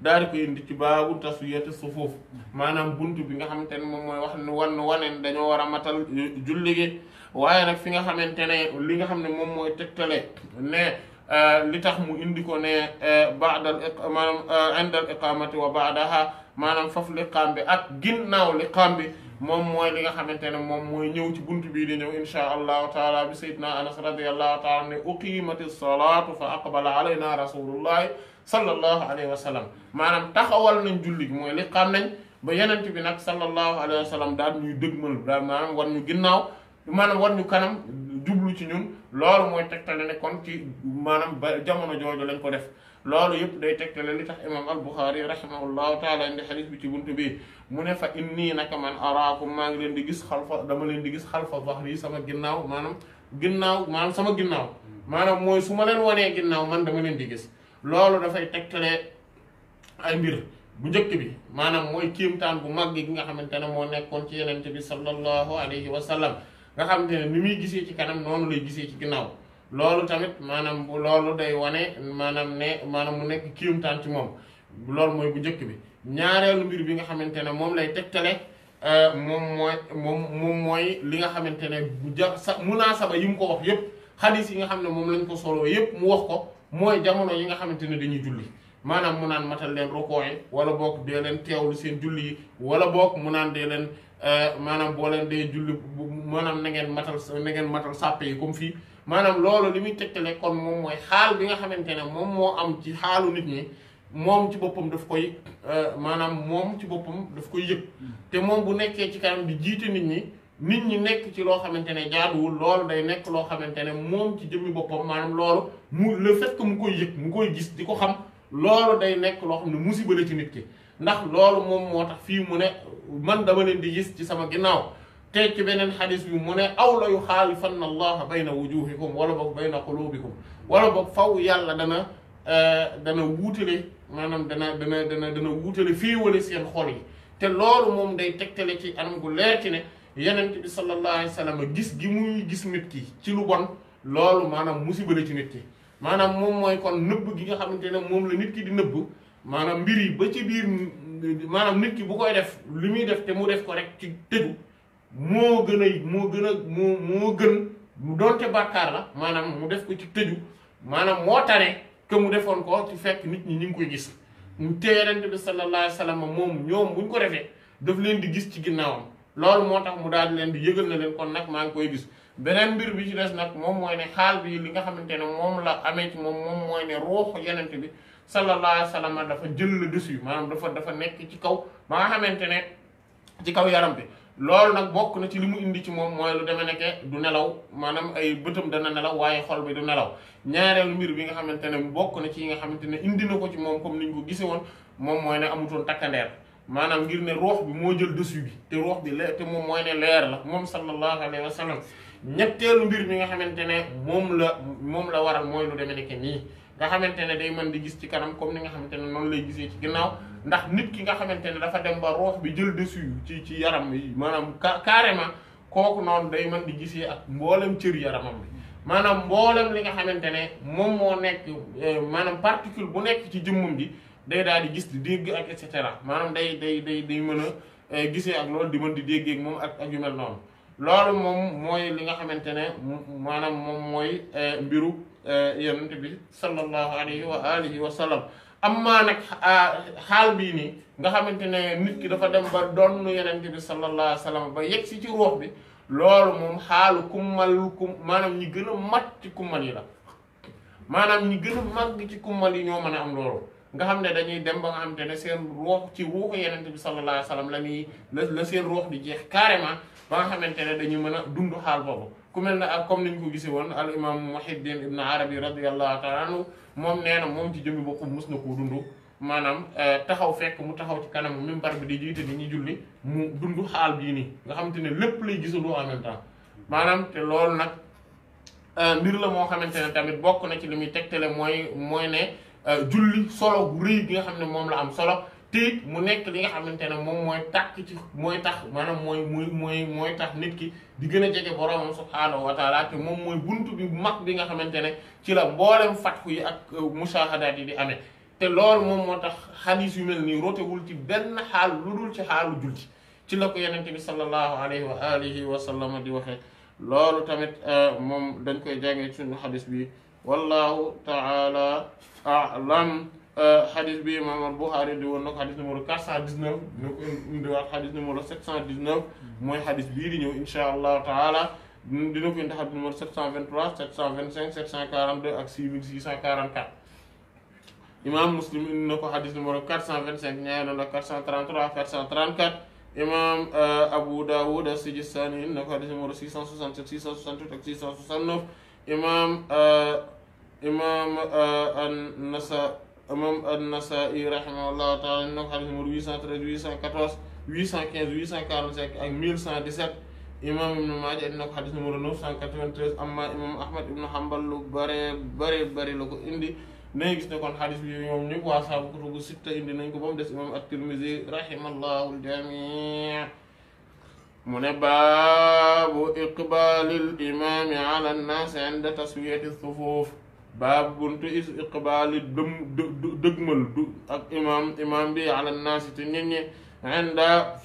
daal di ko indi ci baabu taswiyati sufuuf maanaam buntu bi nga xamante ne moom mooy wax ne wan wanen dañoo war a matal julli gi waaye nag fi nga xamante ne li nga xam ne moom mooy tegtale ne euh, li tax mu indi ko ne euh, baadal maanaam euh, indal iqaamati wa baadaha maanaam faf liqaam bi ak ginnaaw liqaam bi moom mooy li nga xamante ne moom mooy ñëw ci bunt bii di ñëw insha allahu taala bi sayyidina anas radiallahu taala ne uqiimati salaatu fa aqbala alayna rasulullahi sallallahu alayhi wa sallam maanaam taxawal nañ julli gi mooy li nañ ba yenent bi nag sallallahu alayhi wa sallam daal ñuy dëgmal daal maanaam war ñu ginnaaw maanaam war ñu kanam jublu ci ñun loolu mooy tegtale ne kon ci maanaam ba jamono jooju lañ ko def loolu yëpp day tegtale li tax imam al-Bukhari rahimahullahu taala indi xadis bi ci buntu bi mu ne fa inni naka man araakum maa ngi leen di gis xalfa dama leen di gis xalfa bahri sama ginnaaw maanaam ginnaaw maanaam sama ginnaaw hmm. maanaam mooy su ma leen wanee ginnaaw man dama leen di gis loolu dafay tegtalee ay mbir bu njëkk bi maanaam mooy kéemtaan bu mag gi nga xamante ne moo nekkoon ci yenente bi sallallahu alayhi wa sallam nga xamante ne ni muy gisee ci kanam noonu lay gisee ci ginnaaw loolu tamit maanaam loolu day wane maanaam ne maanaam mu nekk kéemtaan ci moom loolu mooy bu njëkk bi ñaareelu mbir bi nga xamante ne moom lay tegtale euh, moom mooy moom moom mooy li nga xamante ne bu ja sa munaasaba yi mu ko wax yépp xadiis yi nga xam ne moom lañ ko soloo mu wax ko mooy jamono yi nga xamante ne dañuy julli maanaam mu naan matal leen rukoo yi wala boog dee leen teewlu seen julli yi wala boog mu naan dee leen eh, maanaam boo leen dee julli maanaam na ngeen matal na ngeen matal sàppe yi comme fii maanaam loolu li muy tegtale kon moom mooy xaal bi nga xamante ne moom moo am ci xaalu nit ñi moom ci boppam daf koy eh, maanaam moom ci boppam daf koy yëg te moom bu nekkee ci kanam di jiite nit ñi nit ñi nekk ci loo xamante ne jaaduwul loolu day nekk loo xamante ne moom ci jëmmi boppam maanaam loolu le fait que mu koy yek mu koy gis diko xam lolu day nek lo xamne musibe la ci nit ki ndax lolu mom motax fi mu ne man dama len di gis ci sama ginnaaw te ci benen hadith bi mu ne aw la yukhalifan allah bayna wujuhikum wala bok bayna qulubikum wala bok faw yàlla dana euh dana wuutale manam dana dana dana dana fi wala seen xol yi te lolu mom day tektale ci anam gu leer ci ne yenent bi sallallahu alayhi wasallam gis gi muy gis nit ki ci lu bon lolu manam musibe la ci nit ki maanaam moom mooy kon nëbb gi nga xamante ne moom la nit ki di nëbb maanaam mbir yi ba ci biir maanaam nit ki bu koy def li muy def te mu def ko rek ci tëju moo gën a moo gën a moo moo gën mu doonte bàkkaar la maanaam mu def ko ci tëju maanaam moo tane que mu defoon ko ci fekk nit ñi ñu ngi koy gis te Yonent bi sallallahu alayhi wa sallam moom ñoom buñ ko defee daf leen di gis ci ginnaawam loolu moo tax mu daal di leen di yëgal na leen kon nag maa ngi koy gis beneen mbir bi ci des nag moom mooy ne xaal bi li nga xamante ne moom la amee ci moom moom mooy ne ruuxu yenente bi sallallahu alayhi wa sallam dafa jël le dessus maanaam dafa dafa nekk ci kaw ba xamante ne ci kaw yaram bi loolu nag bokk na ci li mu indi ci moom mooy lu deme nekke nelaw maanaam ay bëtam dana nelaw waaye xol bi du nelaw ñaareelu mbir bi nga xamante ne bokk na ci yi nga xamante ne indi na ko ci moom comme niñ ko gise woon moom mooy ne amutoon takkandeer maanaam ngir ne ruux bi moo jël dessus bi te ruux bi leer te moom mooy ne leer la moom sallallahu alayhi wa sallam ñetteelu mbir mi nga xamante ne moom la moom la waral mooy lu demee nekk nii nga xamante ne day mën di gis ci kanam comme ni nga xamante ne noonu lay gisee ci ginnaaw ndax nit ki nga xamante ne dafa dem ba bi jël dessus ci ci yaram yi maanaam carrément kooku noonu day mën di gisee ak mboolem cër yaramam bi maanaam mboolem li nga xamante ne moom moo nekk eh, maanaam particule bu nekk ci jëmmum ji day daal di gis di dégg ak et maanaam day day day day mën a eh, gisee ak loolu di mën di déggeek moom ak ak yu mel noonu. loolu moom mooy li nga xamante ne maanaam moom mooy eh, mbiru eh, yonent bi sallallahu alayhi wa alihi wa am maa nag ah, xaal bii nii nga xamante ne nit ki dafa dem ba doon yonent bi sallallahu alayhi wa sallam ba yegg si ci ruux bi loolu moom xaalu kummal kum maanaam ñi gën a mat ci kummal yi la maanaam ñi gën mag màgg ci kummal yi ñoo mën a am loolu nga xam ne dañuy dem ba nga xamante ne seen ruux ci ruuxu yonent bi sallallahu alayhi wa sallam la ñuy la seen ruux di jeex carrément ba nga xamante ne dañu mën a dundu xaal boobu ku mel ne ak comme ni ñu ko gisee woon al imam Muhiddin Ibn Arabi radiyallahu taala anhu moom nee na moom ci jëmmi boppam mës na koo dund maanaam eh, taxaw fekk mu taxaw ci kanam minbar bi di jiite ni ñuy julli mu dundu xaal bii nii nga xamante ne lépp lay gisaloo en même temps maanaam te loolu nag eh, mbir la moo xamante ne tamit bokk na ci li muy tegtale mooy mooy ne eh, julli solo bu rëy gi nga xam ne moom la am solo te mu nekk li nga xamante ne moom mooy tàkk ci mooy tax maanaam mooy muy mooy mooy tax nit ki di gën a jege boroomam subhaanahu wa taala te moom mooy buntu bi mag bi nga xamante ne ci la mboolem fatxu yi ak euh, musaahadaat yi di amee te loolu moom moo tax xadiis yu mel nii rotewul ci benn xaal lu dul ci xaalu julli ci la ko yenente bi sallallahu alayhi wa alihi wa sallama di waxee loolu tamit euh, moom dañ koy jàngee ci suñu xadiis bi wallahu taala alam xadis euh, bi imaam al Buxaari di woon na ko xadis numéro 419 dina ko indiwaat xadis numéro 719 mooy xadis bii di ñëw incha allahu taala dina ko indi xadis numéro 723 725 742 ak 6644 imaam Muslim indi na ko xadis numéro 425 ñaari doon ak 433 434 imaam Abu Dawud as-Sijistani indi ko xadis numéro 667 668 ak 669 imaam imaam an-Nasa imam an-Nasa'i rahimahullahu taala na ko xadis numéro 813 814 815 845 ak 1117 imam ibnu Maaja na ko xadis numéro 993 amma imam Ahmad ibnu Hanbal bare bare bare indi nañ gis kon xadis bi ñoom ñëpp waa saabu sitta indi nañ ko ba mu des imam at-Tirmidhi rahimahullahu al-jami' mu ne baabu iqbalil imami ala an-nas inda taswiyati as-sufuf baab buntu is iqbaali dëm dëgmal du ak imaam imaam bi ala naasi te nit ñi inda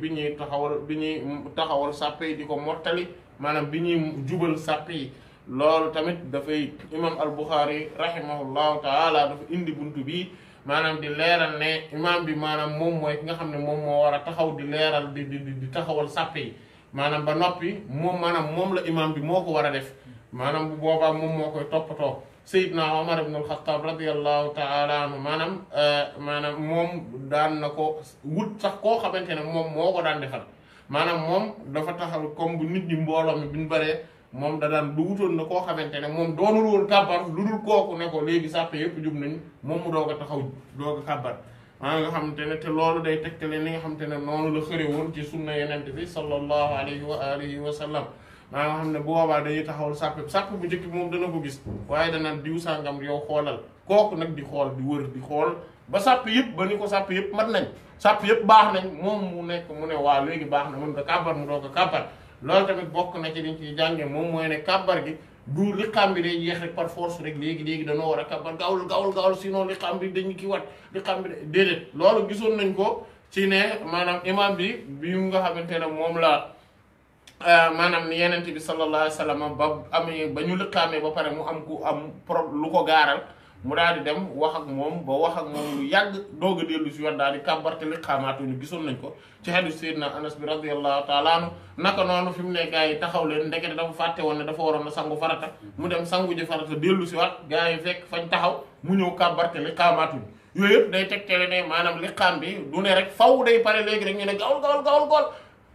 bi ñuy taxawal bi ñuy taxawal sàppe mottali maanaam bi ñuy jubal sàppe loolu tamit dafay imaam al-Buxaari rahimahullahu taala dafa indi buntu bi maanaam leeral ne imaam bi maanaam moom mooy ki nga xam ne moom moo war a taxaw di leeral di di di taxawal sàppe yi maanaam ba noppi moom maanaam moom la imaam bi moo ko war a def maanaam bu boobaa moom moo koy toppatoo Seydina Omar ibn al-Khattab radiyallahu taala anhu maanaam euh, maanaam moom daan na ko wut sax koo xamante ne moom moo ko daan defal maanaam moom dafa taxaw comme bu nit ñi mbooloo mi bu ñu baree moom da daan du wutoon na koo xamante ne moom doonul woon kàbbar lu dul kooku ne ko léegi sàppe yëpp jub nañ moom mu doog a taxaw doog a kàbbar maa nga xamante ne te loolu day tegtale li nga xamante ne noonu la xëre woon ci sunna yenente bi sallallahu alayhi wa alihi maanaam xam ne bu boobaa dañuy taxawal sàppe bu njëkk moom dana ko gis waaye danaan diw sàngam yow xoolal kooku nag di xool di wër di xool ba sàpp yëpp ba ni ko sàpp yëpp mat nañ sàpp yëpp baax nañ moom mu nekk mu ne waa léegi baax na mën nga kàbbar mu doo ko kàbbar loolu tamit bokk na ci liñ jànge moom mooy ne kàbbar gi du liqaam bi day jeex rek par force rek léegi léegi danoo war a kàbbar gaawul gaawul gaawul sinon liqaam bi dañu ki wat liqaam bi déedéet gisoon nañ ko ci ne maanaam imam nga xamante ne moom la Euh, maanaam yenent bi sallallahu alayhi wa sallam ba amee ba ñu lëkkaamee ba pare mu am ku am pro lu ko gaaral mu daal di dem wax ak moom ba wax ak moom lu yàgg doog a dellu si waat daal di kàmbarte lëkkaamaatu ñu gisoon nañ ko ci hadith sayyidina anas bi radiyallahu taala naka noonu fi mu ne gars yi taxaw leen ndekete dafa fàtte woon ne dafa waroon na sangu farata mu dem sangu ji farata dellu si waat gaa yi fekk fañ taxaw mu ñëw kàmbarte lëkkaamaatu yooyu yëpp day tegtele ne maanaam liqaam bi du ne faw day pare léegi rek ñu ne gawul gawul gawul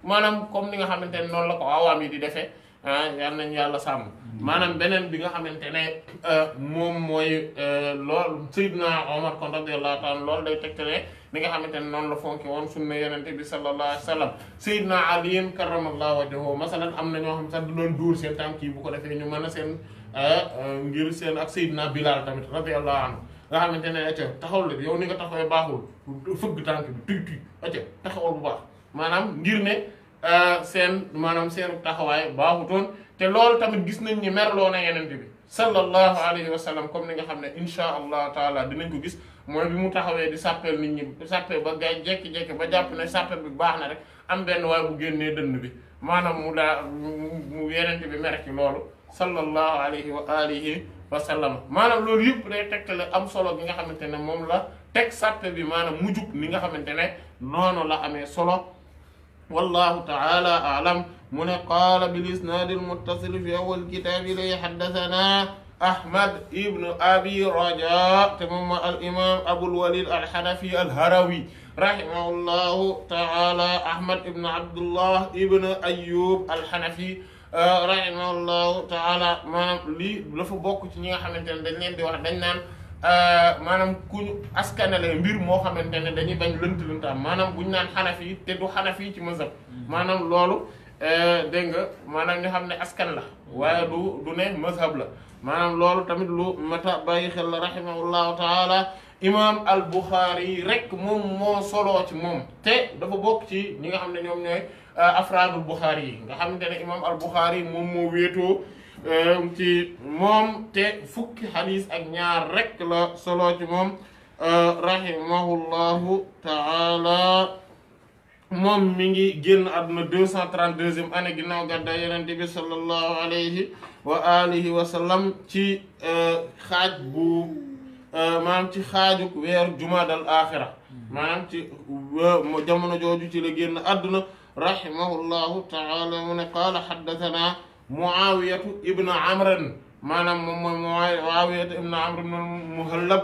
maanaam comme ni nga xamante ne noonu la ko awaam yi di defee ah yal yàlla sàmm maanaam beneen bi nga xamante ne euh, moom mooy euh, lool loolu Seydina Omar kon radiyallahu taala loolu day tegtale li nga xamante ne noonu la fonki woon sunna yonente bi sallallahu alayhi wa sallam Seydina Aliyin karamallahu wajhahu masalan am na ñoo xam sax du doon duur seen tànk yi bu ko defee ñu mën a seen ah, euh, ngir seen ak Seydina Bilal tamit radiyallahu anhu nga xamante ne acca taxawul yow ni nga taxawee baaxul fëgg tànk bi tuy tuy acca taxawal bu maanaam ngir ne euh, seen maanaam seenu taxawaay baaxutoon te loolu tamit gis nañ ni merloo na yeneen bi sallallahu alayhi wa comme ni nga xam ne insha allah taala dinañ ko gis mooy bi mu taxawee di sàppeel nit ñi sàppee ba gay jekki-jekki ba jàpp ne sàppeel bi baax na rek am benn waaye bu génnee dënn bi maanaam mu daa mu yeneen bi mer ci loolu sallallahu alayhi wa alihi wa sallam maanaam loolu yëpp day tegtale am solo bi nga xamante ne moom la teg sàppe bi maanaam mujjug ni nga xamante ne noonu la amee solo والله تعالى أعلم من قال بالإسناد المتصل في أول كتاب إليه حدثنا أحمد ابن أبي رجاء تمام الإمام أبو الوليد الحنفي الهروي رحمه الله تعالى أحمد ابن عبد الله ابن أيوب الحنفي آه، رحمه الله تعالى ما لي dafa bokk ci ñi دنيا xamante ne Euh, maanaam ku ñu askanale mbir moo xamante ne dañuy bañ lënt lëntaam maanaam bu ñu naan xanaf yi te du xanaf yi ci mazhab mm-hmm. maanaam loolu euh, dégg nga maanaam ñu xam ne askan la waaye du du ne mazhab la maanaam loolu tamit lu mata bàyyi xel la rahimahullahu taala imam al buxaari rek moom moo soloo ci moom te dafa bokk ci ñi nga xam ne ñoom ñooy euh, afraadul buxaari yi nga xamante ne imam al buxaari moom moo wéetoo Euh, ci moom te fukki xadis ak ñaar rek la solo ci moom euh, rahimahullahu taala moom mi ngi génn àdduna deux cent trente-deuxième année ginnaaw gàddaay Yonent bi sallallahu alayhi wa ci euh, xaaj bu maanaam ci xaaju weer jumaadal axira maanaam ci jamono jooju ci la génn àdduna rahimahullahu taala mu ne qaala haddathana muawiyatu ibnu amran maanaam moom mooy muawiyatu ibnu amr ibnu muhallab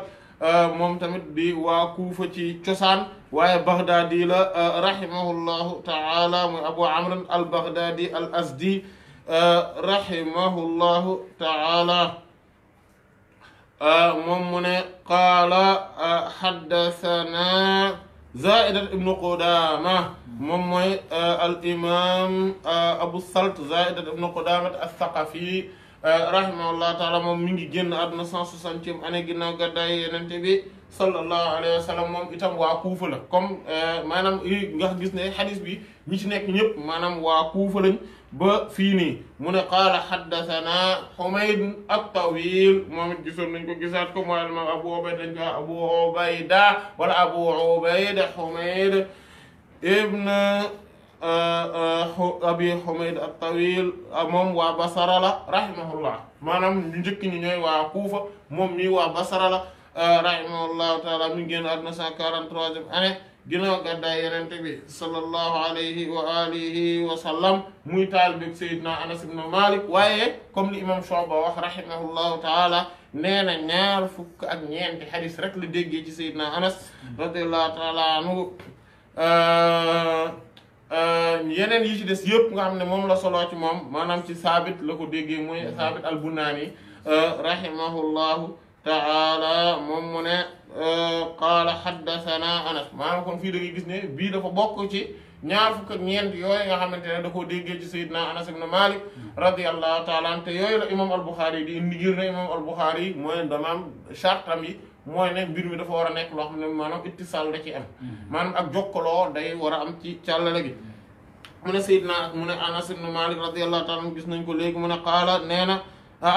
moom tamit di waa kuufa ci cosaan waaye baghdadi la rahimahullahu taala mooy abu amran al baghdadi al asdi rahimahullahu taala moom mu ne qaala xaddathana zaidat ibnu qudama moom mooy euh, al euh, abu salt zaida def na ko daamat al thaqafi euh, rahimahullah taala moom mi ngi génn àdduna cent soixantième année ginnaaw gàddaay yenente bi sallallahu alayhi wa sallam moom itam waa kuufa la comme maanaam nga gis ne xadis bi ñi ci nekk ñëpp maanaam waa kuufa lañ ba fii nii mu ne qaala xaddathana xumayd ak tawil moom it gisoon nañ ko gisaat ko mooy al imam abu obayda dañ ko abu obayda wala abu obayda xumayd ابن آه، آه، ابي حميد الطويل امم و رحمه الله مانام نجيك ني نوي وا كوفه موم مي وا بصرلا رحمه الله تعالى من ген ادنا 143 اني غينو غدا يرنتبي صلى الله عليه واله وسلم موي طالب سيدنا انس بن مالك وايي كوم لي امام شعبه واخ رحمه الله تعالى نانا نيار فك اك حديث رك لا سيدنا انس رضي الله تعالى عنه Euh, euh, yeneen yi ci des yëpp nga xam ne moom la solo ci moom maanaam ci saabit la ko déggee mooy mm-hmm. saabit al-Bunani euh, rahimahullahu taala moom mu ne qaala xaddasana anas maanaam kon fii da ngay gis ne bii dafa bokk ci ñaar fukk ak ñeent yooyu nga xamante ne da koo déggee ci sayidna anas ibn malik mm-hmm. radiallahu taala an te yooyu la imam al yi di indi ngir ne imam al mooy damaam chartam yi mooy ne mbir mi dafa war a nekk loo xam ne maanaam ittisaal da ci am mm-hmm. maanaam ak jokkaloo day war a am ci càllale gi mu ne na mu ne Anas ibn Malik radiyallahu taala gis nañ ko léegi mu ne qaala nee na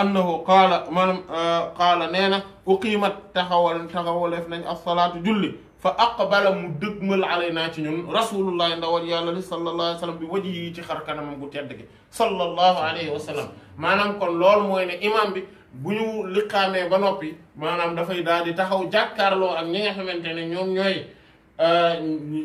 annahu qaala maanaam euh, qaala nee na uqiimat taxawal taxawaleef nañ as-salaatu julli fa aqbala mu dëgmal alaynaa ci ñun rasulullahi ndawal yàlla li sallallahu alayhi wa bi waji yi ci xar kanamam bu tedd gi sallallahu alayhi wa sallam maanaam kon loolu mooy ne imam bi bu ñu liqaamee ba noppi maanaam dafay daal di taxaw jàkkaarloo ak ñi nga xamante ne ñoom ñooy euh,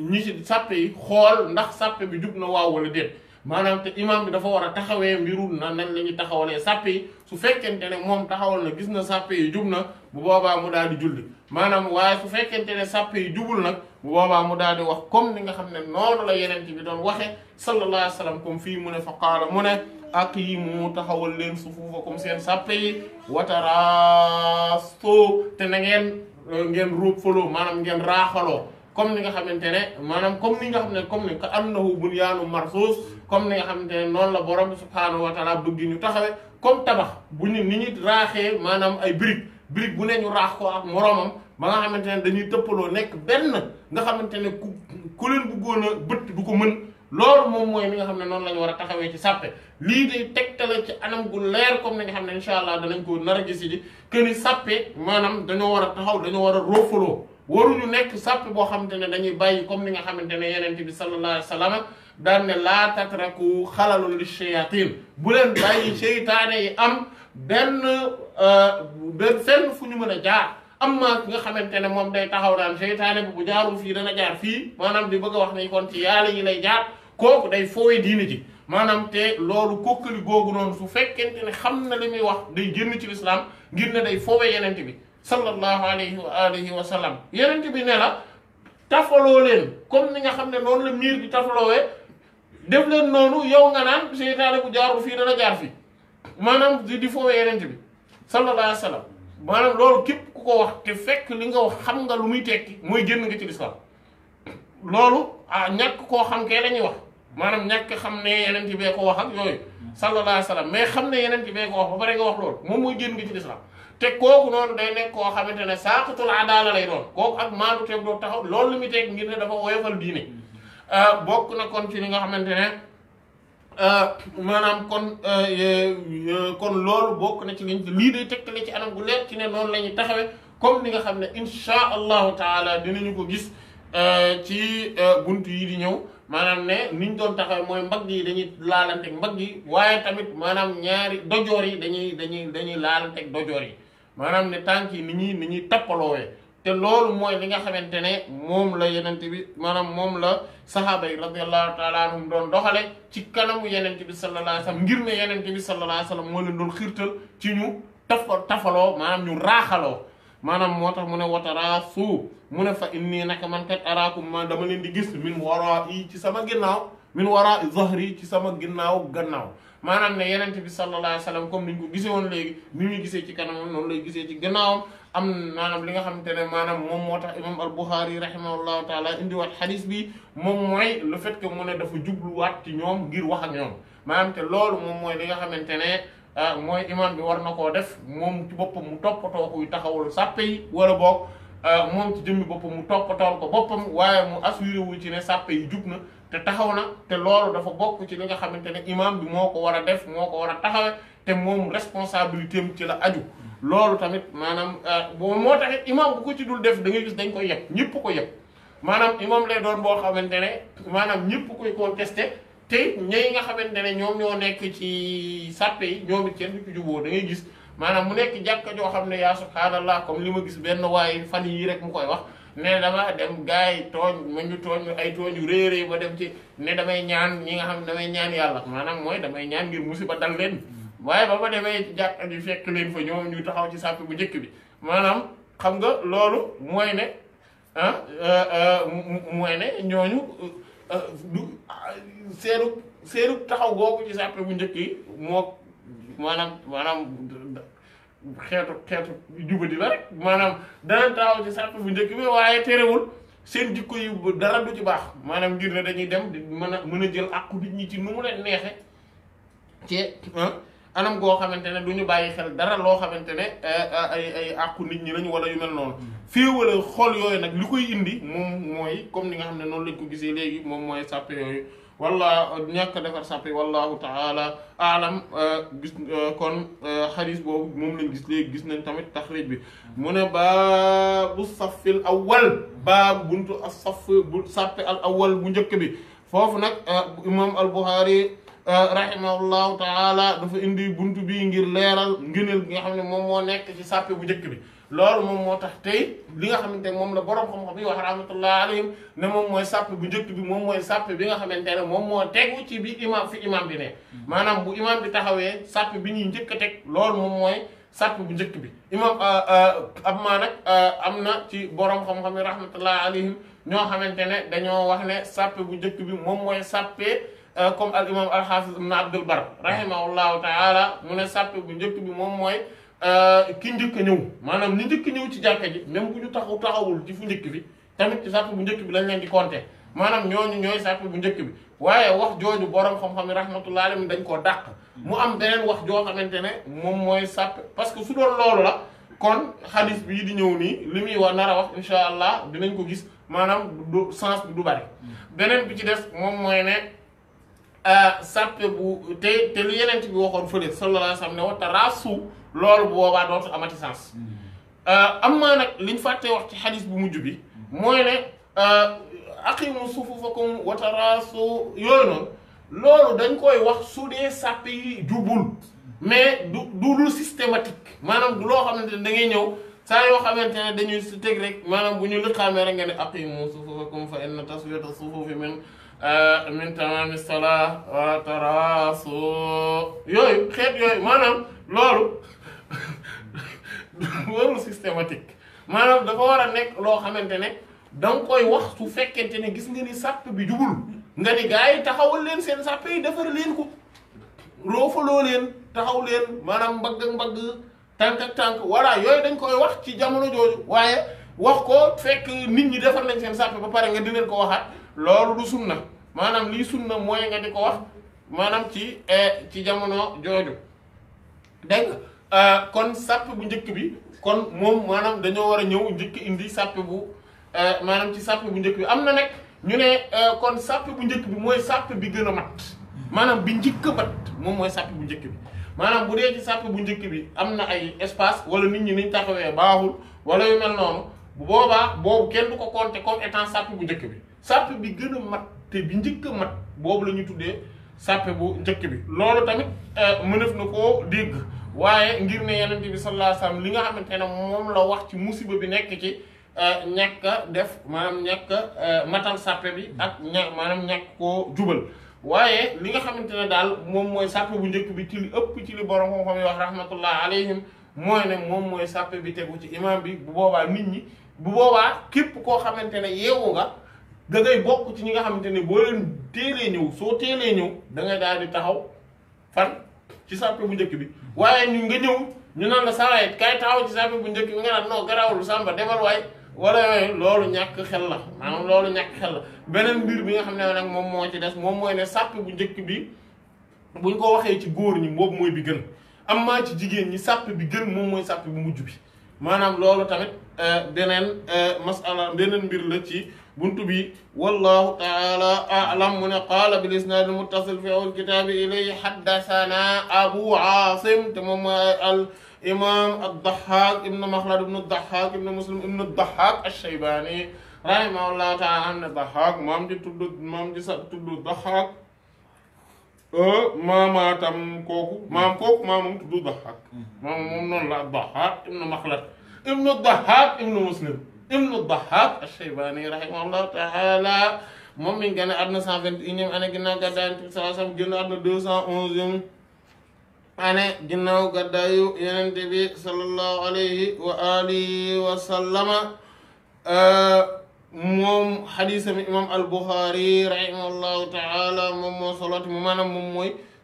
ñi ci sàppe yi xool ndax sappe bi jub na waaw wala déet maanaam te imaam bi dafa war a taxawee mbirul na nañ la taxawalee sàppe yi su fekkente ne moom taxawal na gis na sappe yi jub na bu boobaa mu daal di julli maanaam waaye su fekkente ne sàppe yi jubul nag bu boobaa mu daal di wax comme ni nga xam ne noonu la yeneen bi doon waxe sallallahu alayhi wa fii mu ne fa qaala mu ne ak yi mu taxawal leen su sufuufa comme seen sàppe yi wataraasto te na ngeen euh, ngeen ruub faloo maanaam ngeen raaxaloo comme ni nga xamante ne maanaam comme ni nga xam ne comme ni ka annahu bunyaanu marsuus comme ni nga xamante ne noonu la borom subhaanahu wa taala bëgg ñu taxawe comme tabax bu ñu ni ñu raaxee maanaam ay brique brique bu ne ñu raax ko ak moroomam ba nga xamante ne dañuy tëppaloo nekk benn nga xamante ne ku ku leen bëggoon a bët du ko mën loolu moom mooy li nga xam ne noonu la war a taxawee ci sàppe lii day tegtale ci anam gu leer comme ni nga xam ne incha allah danañ ko nar a gis ji que ni sàppe maanaam dañoo war a taxaw dañoo war a roofaloo waruñu nekk sàppe boo xamante ne dañuy bàyyi comme ni nga xamante ne bi sallallahu alayhi wa sallam daan ne laa tatraku xalalun li bu leen bàyyi seytaane yi am benn euh, benn fenn fu ñu mën a jaar. am na nga xamante ne moom day taxaw daan seytaane bu bu jaarul fii dana jaar fii maanaam di bëgg a wax ne kon ci yàlla yi lay jaar. kooku day foowe diine ji maanaam te loolu kokkali googu noonu su fekkente ni xam na li muy wax day génn ci lislaam ngir ne day foowe yenent bi sallallahu alayhi wa alihi wa sallam yenent bi ne tafaloo leen comme ni nga xam ne noonu la miir bi tafaloowee def leen noonu yow nga naan seytaane bu jaarul fii dana jaar fii maanaam di foowe bi sallallahu alayhi wa sallam loolu képp ku ko wax te fekk li nga wax xam nga lu muy tekki mooy génn nga ci lislaam loolu ah ñàkk koo xam kee la wax maanaam ñàkk xam ne yeneen ci bee ko wax ak yooyu sallallahu alayhi mais xam ne yeneen ci bee ko wax ba pare nga wax loolu moom mooy génn gi ci lislaam te kooku noonu day nekk koo xamante ne saaxatul adaala lay doon kooku ak maanu teeg doon taxaw loolu li muy teg ngir ne dafa woyofal diine euh, bokk na kon ci li nga xamante ne euh, maanaam kon euh, kon loolu bokk na ci liñ lii day tegtale ci anam gu leer ci ne noonu la ñuy taxawee comme li nga xam ne insha allahu taala dinañu ko gis ci bunt yi di ñëw maanaam ne niñ doon taxaw mooy mbagg yi dañuy ak mbagg yi waaye tamit maanaam ñaari dojoor yi dañuy dañuy dañuy laalanteeg dojoor yi maanaam ne tànk yi ni ñuy ni ñuy tappaloowee te loolu mooy li nga xamante ne moom la yenente bi maanaam moom la saxaaba yi radiallahu taala anhum doon doxale ci kanamu yenente bi sallallahu alayhi wasallam ngir ne yenente bi sallallahu alayhi wasallam moo leen doon xirtal ci ñu tafa tafaloo maanaam ñu raaxaloo maanaam moo tax mu ne wataraa suu mu ne fa inni naka man kat araakum ma dama leen di gis min waraa yi ci sama ginnaaw min waraa zahri ci sama ginnaaw gannaaw maanaam yenent bi sallallahu alayhi wa comme ni ñu ko gisee woon léegi ni ñuy gisee ci kanamam noonu lay gisee ci gannaawam am maanaam li nga xamante ne maanaam moom moo tax imam al Buxaari rahimahullahu taala indiwaat xadis bi moom mooy lu fait que mu ne dafa jubluwaat ci ñoom ngir wax ak ñoom maanaam te loolu moom mooy li nga xamante ne Ah, mooy imam bi war na koo def moom ci boppam mu toppatoo kuy taxawul sàppe yi wala boog ah, moom ci jëmmi boppam mu toppatoo ko boppam waaye mu assuré wu ci ne sàppe yi jub na te taxaw na te loolu dafa bokk ci li nga xamante ne imam bi moo ko war a def moo ko war a taxawe te moom responsabilité am ci la aju loolu tamit maanaam ah, bo moo taxit imam bu ko ci dul def da ngay gis dañ koy yeb ñëpp ko yeb maanaam imam lay doon boo xamante ne maanaam ñëpp koy contesté te it ñooy nga xamante ne ñoom ñoo nekk ci sàppe yi ñoom it kenn du ci juboo da gis maanaam mu nekk jàkka joo xam ne yaa subhaanallah comme li ma gis benn waaye fan yii rek mu koy wax ne dama dem gars yi tooñ ma ñu tooñ ay tooñ yu rëy rëy dem ci ne damay ñaan ñi nga xam ne damay ñaan yàlla maanaam mooy damay ñaan ngir musiba dal leen waaye ba ma demee ci jàkka ji fekk leen fa ñoom ñu taxaw ci sàppe bu njëkk bi maanaam xam nga loolu mooy ne ah euh, euh, mooy ne ñooñu. du seeru seeru taxaw googu ci sàppe bu njëkk yi moo maanaam maanaam xeetu xeetu jubadi la maanaam dana taxaw ci sàppe bu njëkk bi waaye terewul seen jikko yu dara du ci baax maanaam ngir ne dañuy dem di mën a mën a jël àqu nit ñi ci nu mu leen neexe ci ah, anam go xamantene duñu bàyyi xel dara lo xamantene ay ay akku nit ñi lañu wala yu mel noonu. féewale xol yoy nak li indi mom moy comme ni nga xamne non lañ ko gisee léegi mom moy sàppe yoy wala ñàkk defar sàppe wallahu taala alam gis kon hadith bobu mom lañ gis léegi gis nañ tamit taxrij bi mu ne baabu saffil awwal ba buntu as saff bu sàppe al awwal bu njëkk bi fofu nak imam al bukhari Euh, rahimahullahu taala dafa indi buntu bi ngir leeral ngëneel bi nga xam ne moom moo nekk ci sàppe bu njëkk bi loolu moom moo tax tey li nga xamante ne moom la borom xam yi wax rahmatullahi alayhim ne moom mooy sàppe bu jëkk bi moom mooy sàppe bi nga xamante ne moom moo tegu ci bi imam fi imam bi ne maanaam bu imam bi taxawee sàppe bi ñuy njëkk a teg loolu moom mooy sàpp bu njëkk bi imam euh, euh, ab maa nag am na ci borom xam-xam yi rahmatullahi alayhim ñoo xamante ne dañoo wax ne sàppe bu njëkk bi moom mooy sàppe Euh, comme al imam al xaafis ibn abdul bar rahimahullahu taala mu ne sàpp bu njëkk bi moom mooy euh, ki njëkk a ñëw maanaam ni njëkk ñëw ci jàkka ji même bu ñu taxaw taxawul ci fu njëkk bi tamit ci sàpp bu njëkk bi lañ leen di compter maanaam ñu ñooy sàpp bu njëkk bi waaye wax jooju borom xam-xam yi rahmatullahi alayhi dañ koo dàq mu am beneen wax joo xamante ne moom mooy sàpp parce que su doon loolu la kon xalis bii di ñëw nii li muy war nar a wax incha allah dinañ ko gis maanaam du sens bi du bari mm. beneen bi ci des mooy ne Euh, sàppe bu te te lu yeneen bi waxoon fële sallallahu alayhi wa sallam ne wa taraasu loolu bu boobaa dootu amati mm. euh, am maa nag liñ fàtte wax ci xadis bu mujj bi mm. mooy ne euh, aqimu sufufakum wa taraasu yooyu noonu loolu dañ koy wax su dee sàppe yi jubul mais du du lu systématique maanaam du loo xamante ne dangay ñëw saa yoo xamante ne dañuy si teg rek maanaam bu ñu lëqaamee rek nga ne aqimu sufufakum fa inna taswiyata sufufi min Eh, min tamami salaa wa taraasu yooyu xeet yooyu maanaam loolu warul systématique maanaam dafa war a nekk loo xamante ne danga koy wax su fekkente ne gis nga ni sàpp bi jubul nga ni gars yi taxawal leen seen sàpp yi defar leen ko roofaloo leen taxaw leen maanaam mbagg mbagg tànk ak tànk voilà yooyu dañ koy wax ci jamono jooju waaye wax ko fekk nit ñi defar nañ seen sàpp ba pare nga di leen ko waxaat loolu du sunna maanaam lii sunna mooy nga di ko wax maanaam ci eh, ci jamono jooju dégg euh, kon sàpp bu njëkk bi kon moom maanaam dañoo war a ñëw njëkk indi sàpp bu euh, maanaam ci sàpp bu njëkk bi am na nag ñu ne euh, kon sàpp bu njëkk bi mooy sàpp bi gën a mat maanaam bi njëkk a moom mooy sàpp bu njëkk bi maanaam bu dee ci sàpp bu njëkk bi am na ay espace wala nit ñi niñ taxawee baaxul wala yu mel noonu bu boobaa boobu kenn du ko compter comme étant sàpp bu njëkk bi sàppe bi gën a mat te bi njëkk a mat boobu la ñu tuddee sàppe bu njëkk bi loolu tamit euh, mënef na koo dégg waaye ngir ne yenente bi sallallahu alayhi wasallam li nga xamante ne moom la wax ci musiba bi nekk ci euh, ñàkk def maanaam ñàkk a euh, matal sàppe bi ak ña maanaam ñàkk koo jubal waaye li nga xamante ne daal moom mooy sàppe bu njëkk bi ci ëpp ci li borom xam-xam yi wax rahmatullah alayhim mooy ne moom mooy sàppe bi tegu ci imam bi bu boobaa nit ñi bu boobaa képp koo xamante ne yeewu nga da bokk ci ñi nga xamante ni boo leen teelee ñëw soo teelee ñëw da ngay daal di taxaw fan ci sàppe bu njëkk bi waaye ñu nga ñëw ñu naan la sawaay kay taxaw ci sàppe bu njëkk bi nga naan non garawul sàmba demal waay wala loolu ñàkk xel la maanaam loolu ñàkk xel beneen mbir bi nga xam ne nag moom moo ci des moom mooy ne sàppe bu njëkk bi buñ ko waxee ci góor ñi boobu mooy bi gën am maa ci jigéen ñi sàppe bi gën moom mooy sàppe bu mujj bi maanaam loolu tamit euh, beneen euh, masala beneen mbir la ci بنتو بي والله تعالى أعلم من قال بالإسناد المتصل في أول الكتاب إليه حدثنا أبو عاصم تمام الإمام الضحاك ابن مخلد ابن الضحاك ابن مسلم ابن الضحاك الشيباني رحمه الله تعالى أن الضحاك مام دي تبدو مام دي تبدو الضحاك أه ما ما تم كوكو ما كوك ما مم تبدو الضحاك ما مم نون الضحاك ابن مخلد ابن الضحاك ابن مسلم ibnu Dahhaak ash-Shaybaani rahimahullahu taala moom mi ngi génn àdduna 121 année ginnaaw gàddaay Yonent bi sallallahu alayhi wa sallam génn àdduna 211 année ginnaaw gàddaayu Yonent bi sallallahu alayhi wa alihi wa sallama moom xadiisam imaam al-Buxaari rahimahullahu taala moom moo solooti mu maanaam moom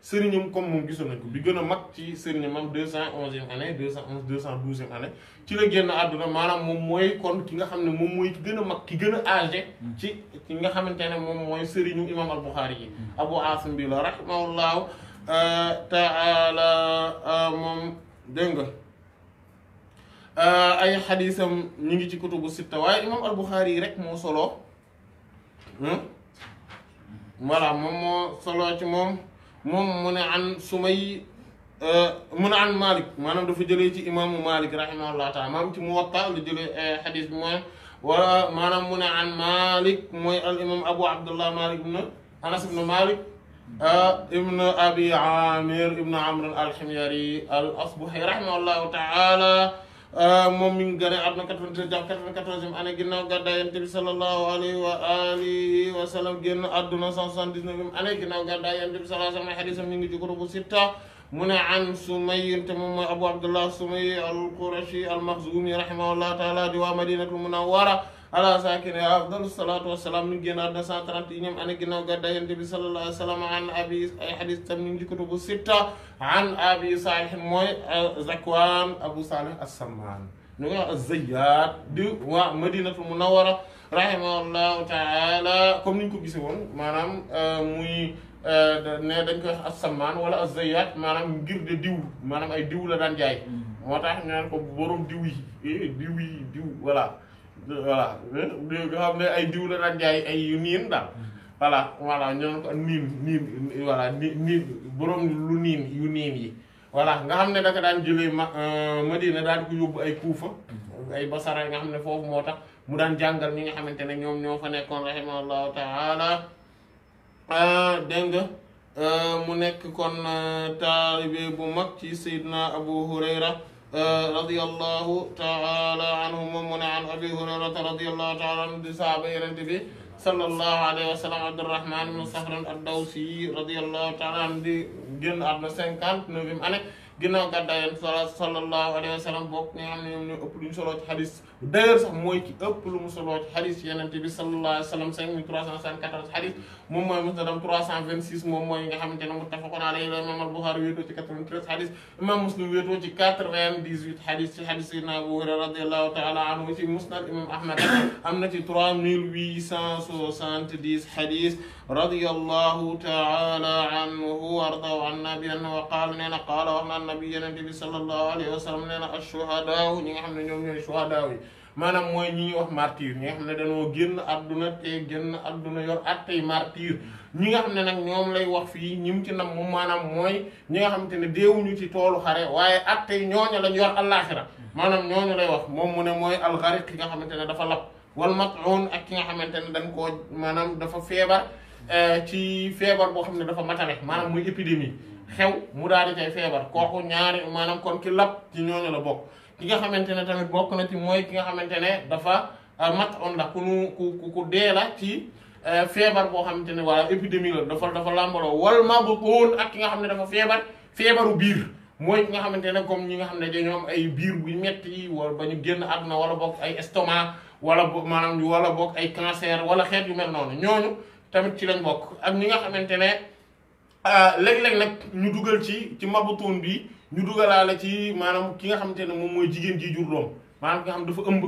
sëriñam comme moom gisoon nañ ko bi gën a mag ci sëriñam am deux cent onzième année deux cent onze deux cent douzième année ci la génn àdduna maanaam moom mooy kon ki nga xam ne moom mooy ki gën a mag ki gën a âgé ci ki nga xamante ne moom mooy sëriñu imam al Buxaari yi abu asim bi la rahimahullahu euh, taala euh, moom dégg nga euh, ay xadisam ñu ngi ci kutubu sitta waaye imam al Buxaari yi rek moo solo hmm? voilà moom moo solo ci moom moom mu ne an sumay euh, mu ne an Malik maanaam dafa jëlee ci imaamu Malik rahimahullah taala maanaam ci Muwatta la jëlee euh, xadis bi mooy wala maanaam mu ne an Malik mooy al imam Abu Abdullah Malik ibn Anas ibn Malik euh, ibn Abi Amir ibn Amr al-Himyari al-Asbahi rahimahullahu taala Euh, moom mi ngi gane àdduna 93 jàpp 94e année ginnaaw gàddaay Yonent bi sallallahu alayhi wa alihi wa sallam génn àdduna 179e année ginnaaw gàddaay Yonent bi sallallahu alayhi wa sallam hadiisam ñu ngi ci kutubu sitta mu ne an Sumayy te moom mooy Abu Abdullah Sumayy al-Qurashi al-Makhzumi rahimahullah taala di waa Madinatul Munawwara ala saakine afdalu salaatu wasalaam mi ngi génn àdduna 131 ane ginnaaw gàddaay Yonent bi sallallahu alayhi wa sallam an abi ay xadis tam ñu ngi ci kutubu sitta an abi saalih mooy euh, Zakwaan Abu Saalih as-Sammaan ñu koy wax Zayyaat di waa Madinatul Munawwara rahimahullahu taala comme ni ko gisee woon maanaam euh, muy euh, ne dañ koy as-Sammaan wala az-Zayyaat maanaam ngir de diw maanaam ay diw la daan jaay mm-hmm. moo tax ñu naan ko borom diw yi eh, diw yi diw voilà. voilà nga xam ne ay diw la daan ay yu niin daal voilà voilà ñoo ko niin niin voilà ni niin boroom lu niin yu niin yi voilà nga xam ne daka daan jëlee ma euh, Madina daan ko yóbbu ay Kuufa ay Basara nga xam ne foofu moo tax mu daan jàngal ñi nga xamante ne ñoom ñoo fa nekkoon rahimahullahu taala euh, dégg nga euh, mu nekk kon taalibe bu mag ci Seydina Abu Hurayra Eh, radiyallahu taala anhu moom mu ne an abi hurayrata radiyallahu taala anhu di saaba yenente bi sallallahu alayhi wa sallam abdurrahman ibn safran ad-dawsi radiyallahu taala anhu di génn àdduna cinquante-neuvième année ginnaaw gàddaay yéen sallallahu alayhi wa sallam bokk ñi nga xam ne ñoom ñoo ëpp lu ñu solo ci hadis d'ailleurs sax mooy ki ëpp lu mu soloo ci xadis yeneen bi sallallahu alayhi wa sallam 5374 xadis moom mooy musnadam 326 moom mooy nga xamante ne muttafaqun alayhi la imam al-Bukhari wéetoo ci 93 xadis imam Muslim wéetoo ci 98 xadis ci xadis Seydina Abu Hurayra radiyallahu taala anhu ci musnad imam Ahmad am na ci 3870 xadis radiyallahu taala anhu wa ardaahu anna bi anna wa qaala nee na qaala wax na annabi yeneen bi sallallahu alayhi wa sallam nee na ashuhadaaw ñi nga xam ne ñoom ñooy shuhadaaw yi maanaam mooy ñi ñuy wax martyr ñi nga xam ne dañoo génn àdduna te génn àdduna yor attey martyr ñi nga xam ne nag ñoom lay wax fii ñim ci nam moom maanaam mooy ñi nga xamante ne deewuñu ci toolu xare waaye attey ñooñu lañ yor àllaaxira maanaam ñooñu lay wax moom mu ne mooy alxariq ki nga xamante ne dafa lab wal mat'un ak ki nga xamante ne dañ koo maanaam dafa feebar euh, ci feebar boo xam ne dafa matale maanaam muy épidémie xew mu daal di tey feebar kooku ñaari maanaam kon ki lab ci ñooñu la bokk ki nga xamante ne tamit bokk na ci mooy ki nga xamante ne dafa euh, mat on la ku nu ku ku dee la ci euh, feebar boo xamante ne wala épidémie la dafa dafa làmbaloo wal ma bëggoon ak ki nga xam ne dafa feebar feebaru biir mooy ki nga xamante ne comme ñi nga xam ne dañoo ay biir bu metti wala ba ñu génn àdduna wala bokk ay estomac wala boog maanaam wala bokk ay cancer wala xeet yu mel noonu ñooñu tamit ci lañ bokk ak ñi nga xamante ne euh, léeg-léeg nag ñu dugal ci ci mabutun bi ñu dugalaale ci maanaam ki nga xamante ne moom mooy jigéen ji jur doom maanaam ki nga xam dafa ëmb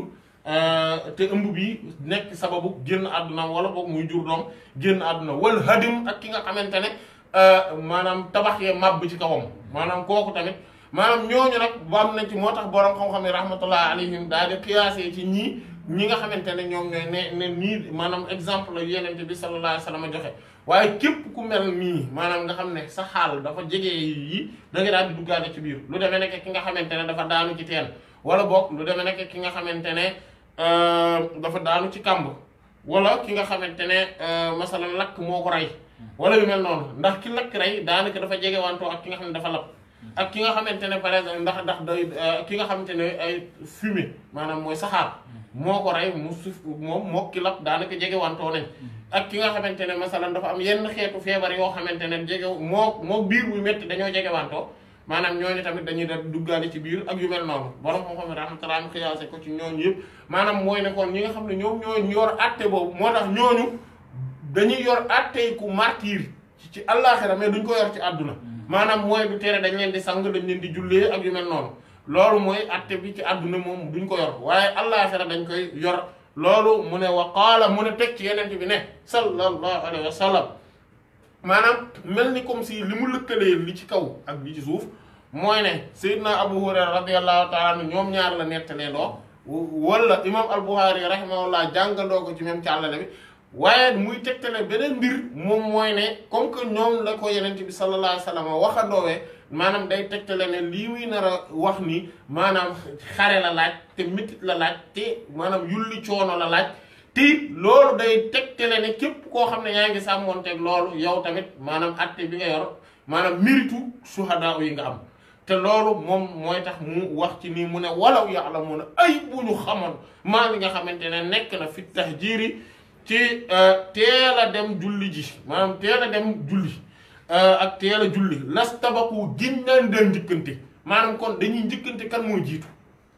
euh, te ëmb bi nekk sababu génn àdduna wala boog muy jur doom génn àdduna wal hadim ak ki nga xamante ne euh, maanaam tabax yee màbb ci kawam maanaam kooku tamit maanaam ñooñu nag ba am nañ ci moo tax borom xam-xam yi rahmatullah alayhim daal di qiyaasee ci ñii ñi nga xamante ne ñoom ñooy ne ne nii maanaam exemple la yenente bi sallallahu alayhi wa joxe waaye képp ku mel nii maanaam nga xam ne sa xaal dafa jege yi da nga di duggaale ci biir lu demee nekk ki nga xamante ne dafa daanu ci teen wala boog lu demee nekk ki nga xamante ne euh, dafa daanu ci kàmb wala ki nga xamante ne euh, masalan lakk moo ko rey wala yu mel noonu ndax ki lakk rey daanaka dafa jege wantoo ak ki nga xam ne dafa lab ak ki nga xamante ne par exemple ndax ndax day euh, ki nga xamante ne ay fumée maanaam mooy saxaar moo ko rey mu suuf moom moo ki lab daanaka jege wantoo nañ ak ki nga xamante ne masalan dafa am yenn xeetu feebar yoo xamante ne jege moo moo biir bu métti dañoo jege wantoo maanaam ñooñu tamit dañuy def duggaale ci biir ak yu mel noonu borom xam-xam rahmatullah xiyaase ko ci ñooñu yëpp maanaam mooy ne kon ñi nga xam ne ñoom ñooñu yor atte boobu moo tax ñooñu dañuy yor attey ku martyr ci àllaaxira mais duñ ko yor ci àdduna maanaam mooy du tere dañ leen di sang dañ leen di jullee ak yu mel noonu loolu mooy atte bi ci àdduna moom duñ ko yor waaye àllaaxira dañ koy yor loolu mu ne wa qaala mu ne teg ci yeneen bi ne sallallahu alayhi wa sallam maanaam mel ni comme si li mu lëkkalee li ci kaw ak li ci suuf mooy ne Seydina Abu Hurayra radiyallahu taala ñoom ñaar la nettalee doo wala imam al-Bukhari rahimahullah jàngaloo ko ci ci càllale bi waaye muy tegtale beneen mbir moom mooy ne konk que ñoom la ko yenent bi sallallahu alayhi wa sallam waxandoowee maanaam day tegtale ne lii muy nar a wax ni maanaam xare la laaj te métit la laaj te maanaam yulli coono la laaj te loolu day tegtale ne képp koo xam ne yaa ngi sàmmoon te loolu yow tamit maanaam atte bi nga maanaam méritu suhadaa yi nga am te loolu moom mooy tax mu wax ci nii mu ne walaw ya'lamuuna ay bu ñu xamoon maa li nga xamante ne nekk na fi tahjiiri ci euh, teel a dem julli ji maanaam teel a dem julli euh, ak teel a julli las gin naan daan njëkkante maanaam kon dañuy njëkkante kan mooy jiitu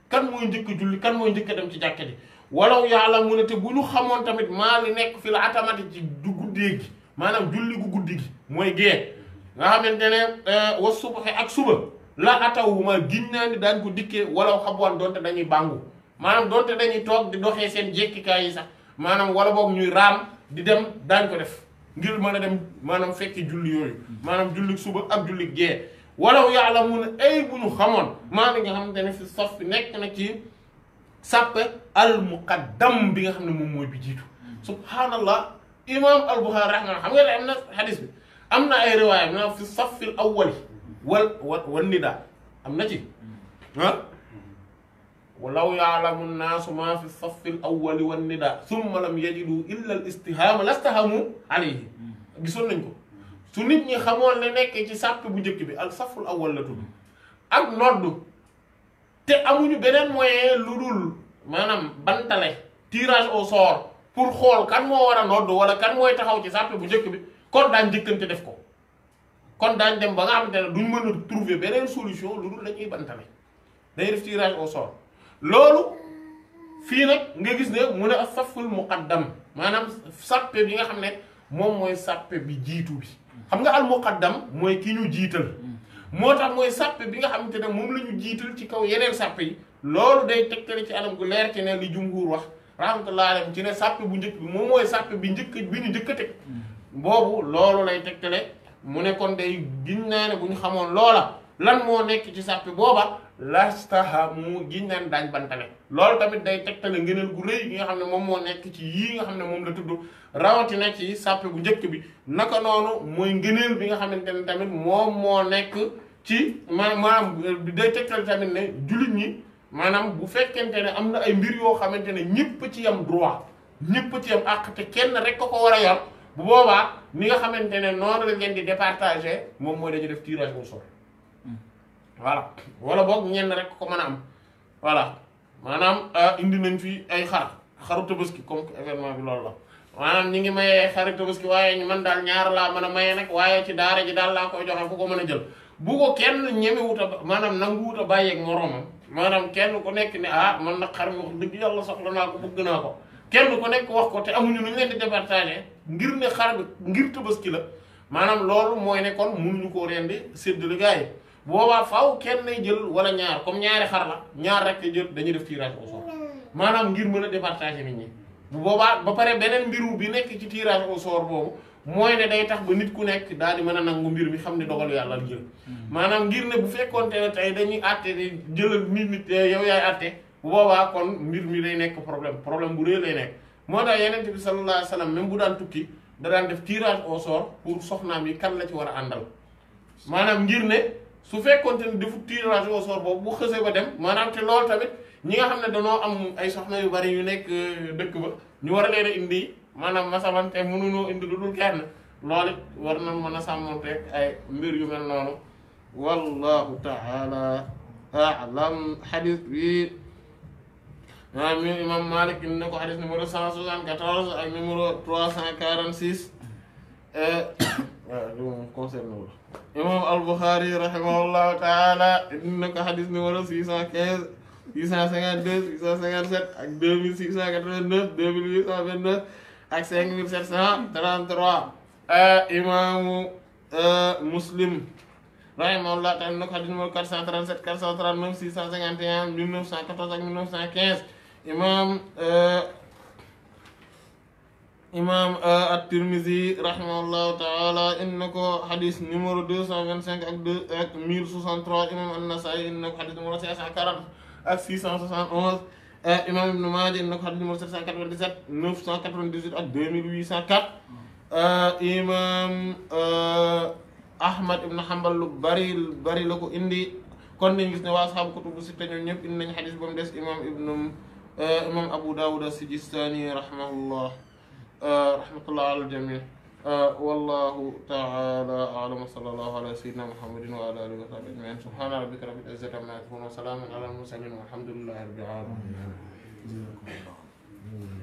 kan mooy njëkk julli kan mooy njëkk dem ci jàkka ji walaw yàlla mu ne te bu ñu xamoon tamit maa li nekk fi la atamati ci du guddee gi maanaam julli gu guddi gi mooy gée nga xamante ne euh, wa subaxe ak suba la atawuma gin naa ni daañ ko dikkee walaw xabwaan doonte dañuy bàngu maanaam doonte dañuy toog di doxee seen jekkikaay yi sax maanaam wala boog ñuy raam di dem daañ ko def ngir mën a dem maanaam fekki julli yooyu maanaam julli suba ak julli gee walaw ya'lamuuna ay bu ñu xamoon maa mi nga xamante ne fi saf bi nekk na ci sàppe al muqaddam bi nga xam ne moom mooy bi jiitu subhaanallah imam al buxaari rahmaani xam nga ne am na xadis bi am na ay riwaaya maanaam fi safil awwali wal wal nidaa am na ci ah walaw yaalamu nnaasu maa fi su l awali wan nida summa lam yajidu illa al istihaama lastahamu alayhi gisoon nañ ko su nit ñi xamoon ne nekk ci sàpp bu njëkk bi ak saful awal la tudd ak nodd te amuñu beneen moyen lu dul maanaam bantale tirage au sort pour xool kan moo war a nodd wala kan mooy taxaw ci sàpp bu njëkk bi kon daan njëkkante def ko kon daan dem ba nga xamante ne duñ mën a trouver beneen solution lu dul la ñuy bantale day def tirage au loolu fii nag nga gis ne mu ne ak saful muqaddam maanaam sàppe bi nga xam ne moom mooy sàppe bi jiitu bi xam nga al muqaddam mooy ki ñu jiital moo tax mooy sàppe bi nga xamante ne moom la ñu jiital ci kaw yeneen sàppe yi loolu day tegtale ci anam gu leer ci ne li jumhur wax rahmatullah alayhi ci ne sàppe bu njëkk bi moom mooy sàppe bi njëkk bi ñu njëkk teg mm. boobu loolu lay tegtale mu nekkoon kon day giñ naa ne bu ñu xamoon loola lan moo nekk ci sàppi booba lastaha mu giñ naan daañ bantale loolu tamit day tegtale ngëneel gu rëy yi nga xam ne moom moo nekk ci yii nga xam ne moom la tudd rawatina ci sàppi bu njëkk bi naka noonu mooy ngëneel bi nga xamante ne tamit moom moo nekk ci maanaam euh, day tegtale tamit ne jullit ñi maanaam bu fekkente ne am na ay mbir yoo xamante ne ñëpp ci yam droit ñëpp ci yam àq te kenn rek ko ko war a yor bu boobaa ni nga xamante ne noonu la ngeen di départager moom mooy dañu def tirage au sort voilà wala boog ñenn rek ko mën a am voilà maanaam euh, indi nañ fi ay xar xaru tabaski comme événement bi loolu la maanaam ñi ngi mayee xaru tabaski waaye man daal ñaar laa man a mayee nekk waaye ci daara ji daal laa koy joxe ku ko mën a jël bu ko kenn ñeme wut a maanaam nangu wut a bàyyeeg moroomam maanaam kenn ku nekk ne ah man nag xar mi wax dëgg yàlla soxla naa ko bëgg naa ko kenn ku nekk wax ko te amuñu lu ñu leen di départager ngir ne xar bi ngir la maanaam loolu mooy ne mënuñu koo rendi séddale gars yi boobaa faw kenn lay jël wala ñaar comme ñaari xar la ñaar rek lay dañuy def tirage au sort maanaam ngir mën a départager nit ñi bu boobaa ba pare beneen mbiru bi nekk ci tirage au sort boobu mooy ne day tax ba nit ku nekk daal di mën a nangu mbir mi xam ne dogalu yàlla la jël hmm. maanaam ngir ne bu fekkoonte ne tey dañuy àtte di jëlal nit nit yow yaay àtte boobaa kon mbir mi lay nekk problème problème bu réy lay nekk moo tax yeneen bi sallallahu alayhi wasallam même bu daan tukki da daan def tirage au sort pour soxnaam yi kan la ci war a àndal su fekkoonte ne defu tirage au sort boobu bu xësee ba dem maanaam te loolu tamit ñi nga xam ne danoo am ay soxna yu bari yu nekk euh, dëkk ba ñu war a leen a indi maanaam masalan te mënuñoo indi lu dul kenn loolu war na mën a sàmmonte ay mbir yu mel noonu wallahu taala alam xadis bi ah, mi imam Malik indi na ko xadis numéro 174 ak cent 346 eh, waaw lu moom concerné wul imam al-Bukhari rahimahullahu taala indi na ko xadis numéro 615 652 657 ak 2689 2829 ak 5733 euh, imaamu euh, muslim rahimahullahu taala indi na ko xadis numéro 437 439 651 1914 ak 1915 imam euh, imam euh, at-Tirmidhi rahimahullahu taala in na ko xadis numéro deux cent vingt cinq ak deux ak mille soixante trois imam an-Nasa'i in na ko xadis numéro cinq cent quarante ak six cent soixante onze euh, imam Ibn Maaja in na ko xadis numéro sept cent quatre vingt dix cent quatre vingt euh, dix Ahmad ibn Hanbal lu bari bari la ko indi kon dañu gis ne waa ashaabu kutubu sitta ñoom ñëpp indi nañu xadis ba mu des imam ibnu Abu Dawud as-Sijistani rahimahullah آه، رحمة الله على الجميع آه، والله تعالى أعلم صلى الله على سيدنا محمد وعلى آله وصحبه أجمعين سبحان ربك رب العزة عما يصفون وسلام على المرسلين والحمد لله رب العالمين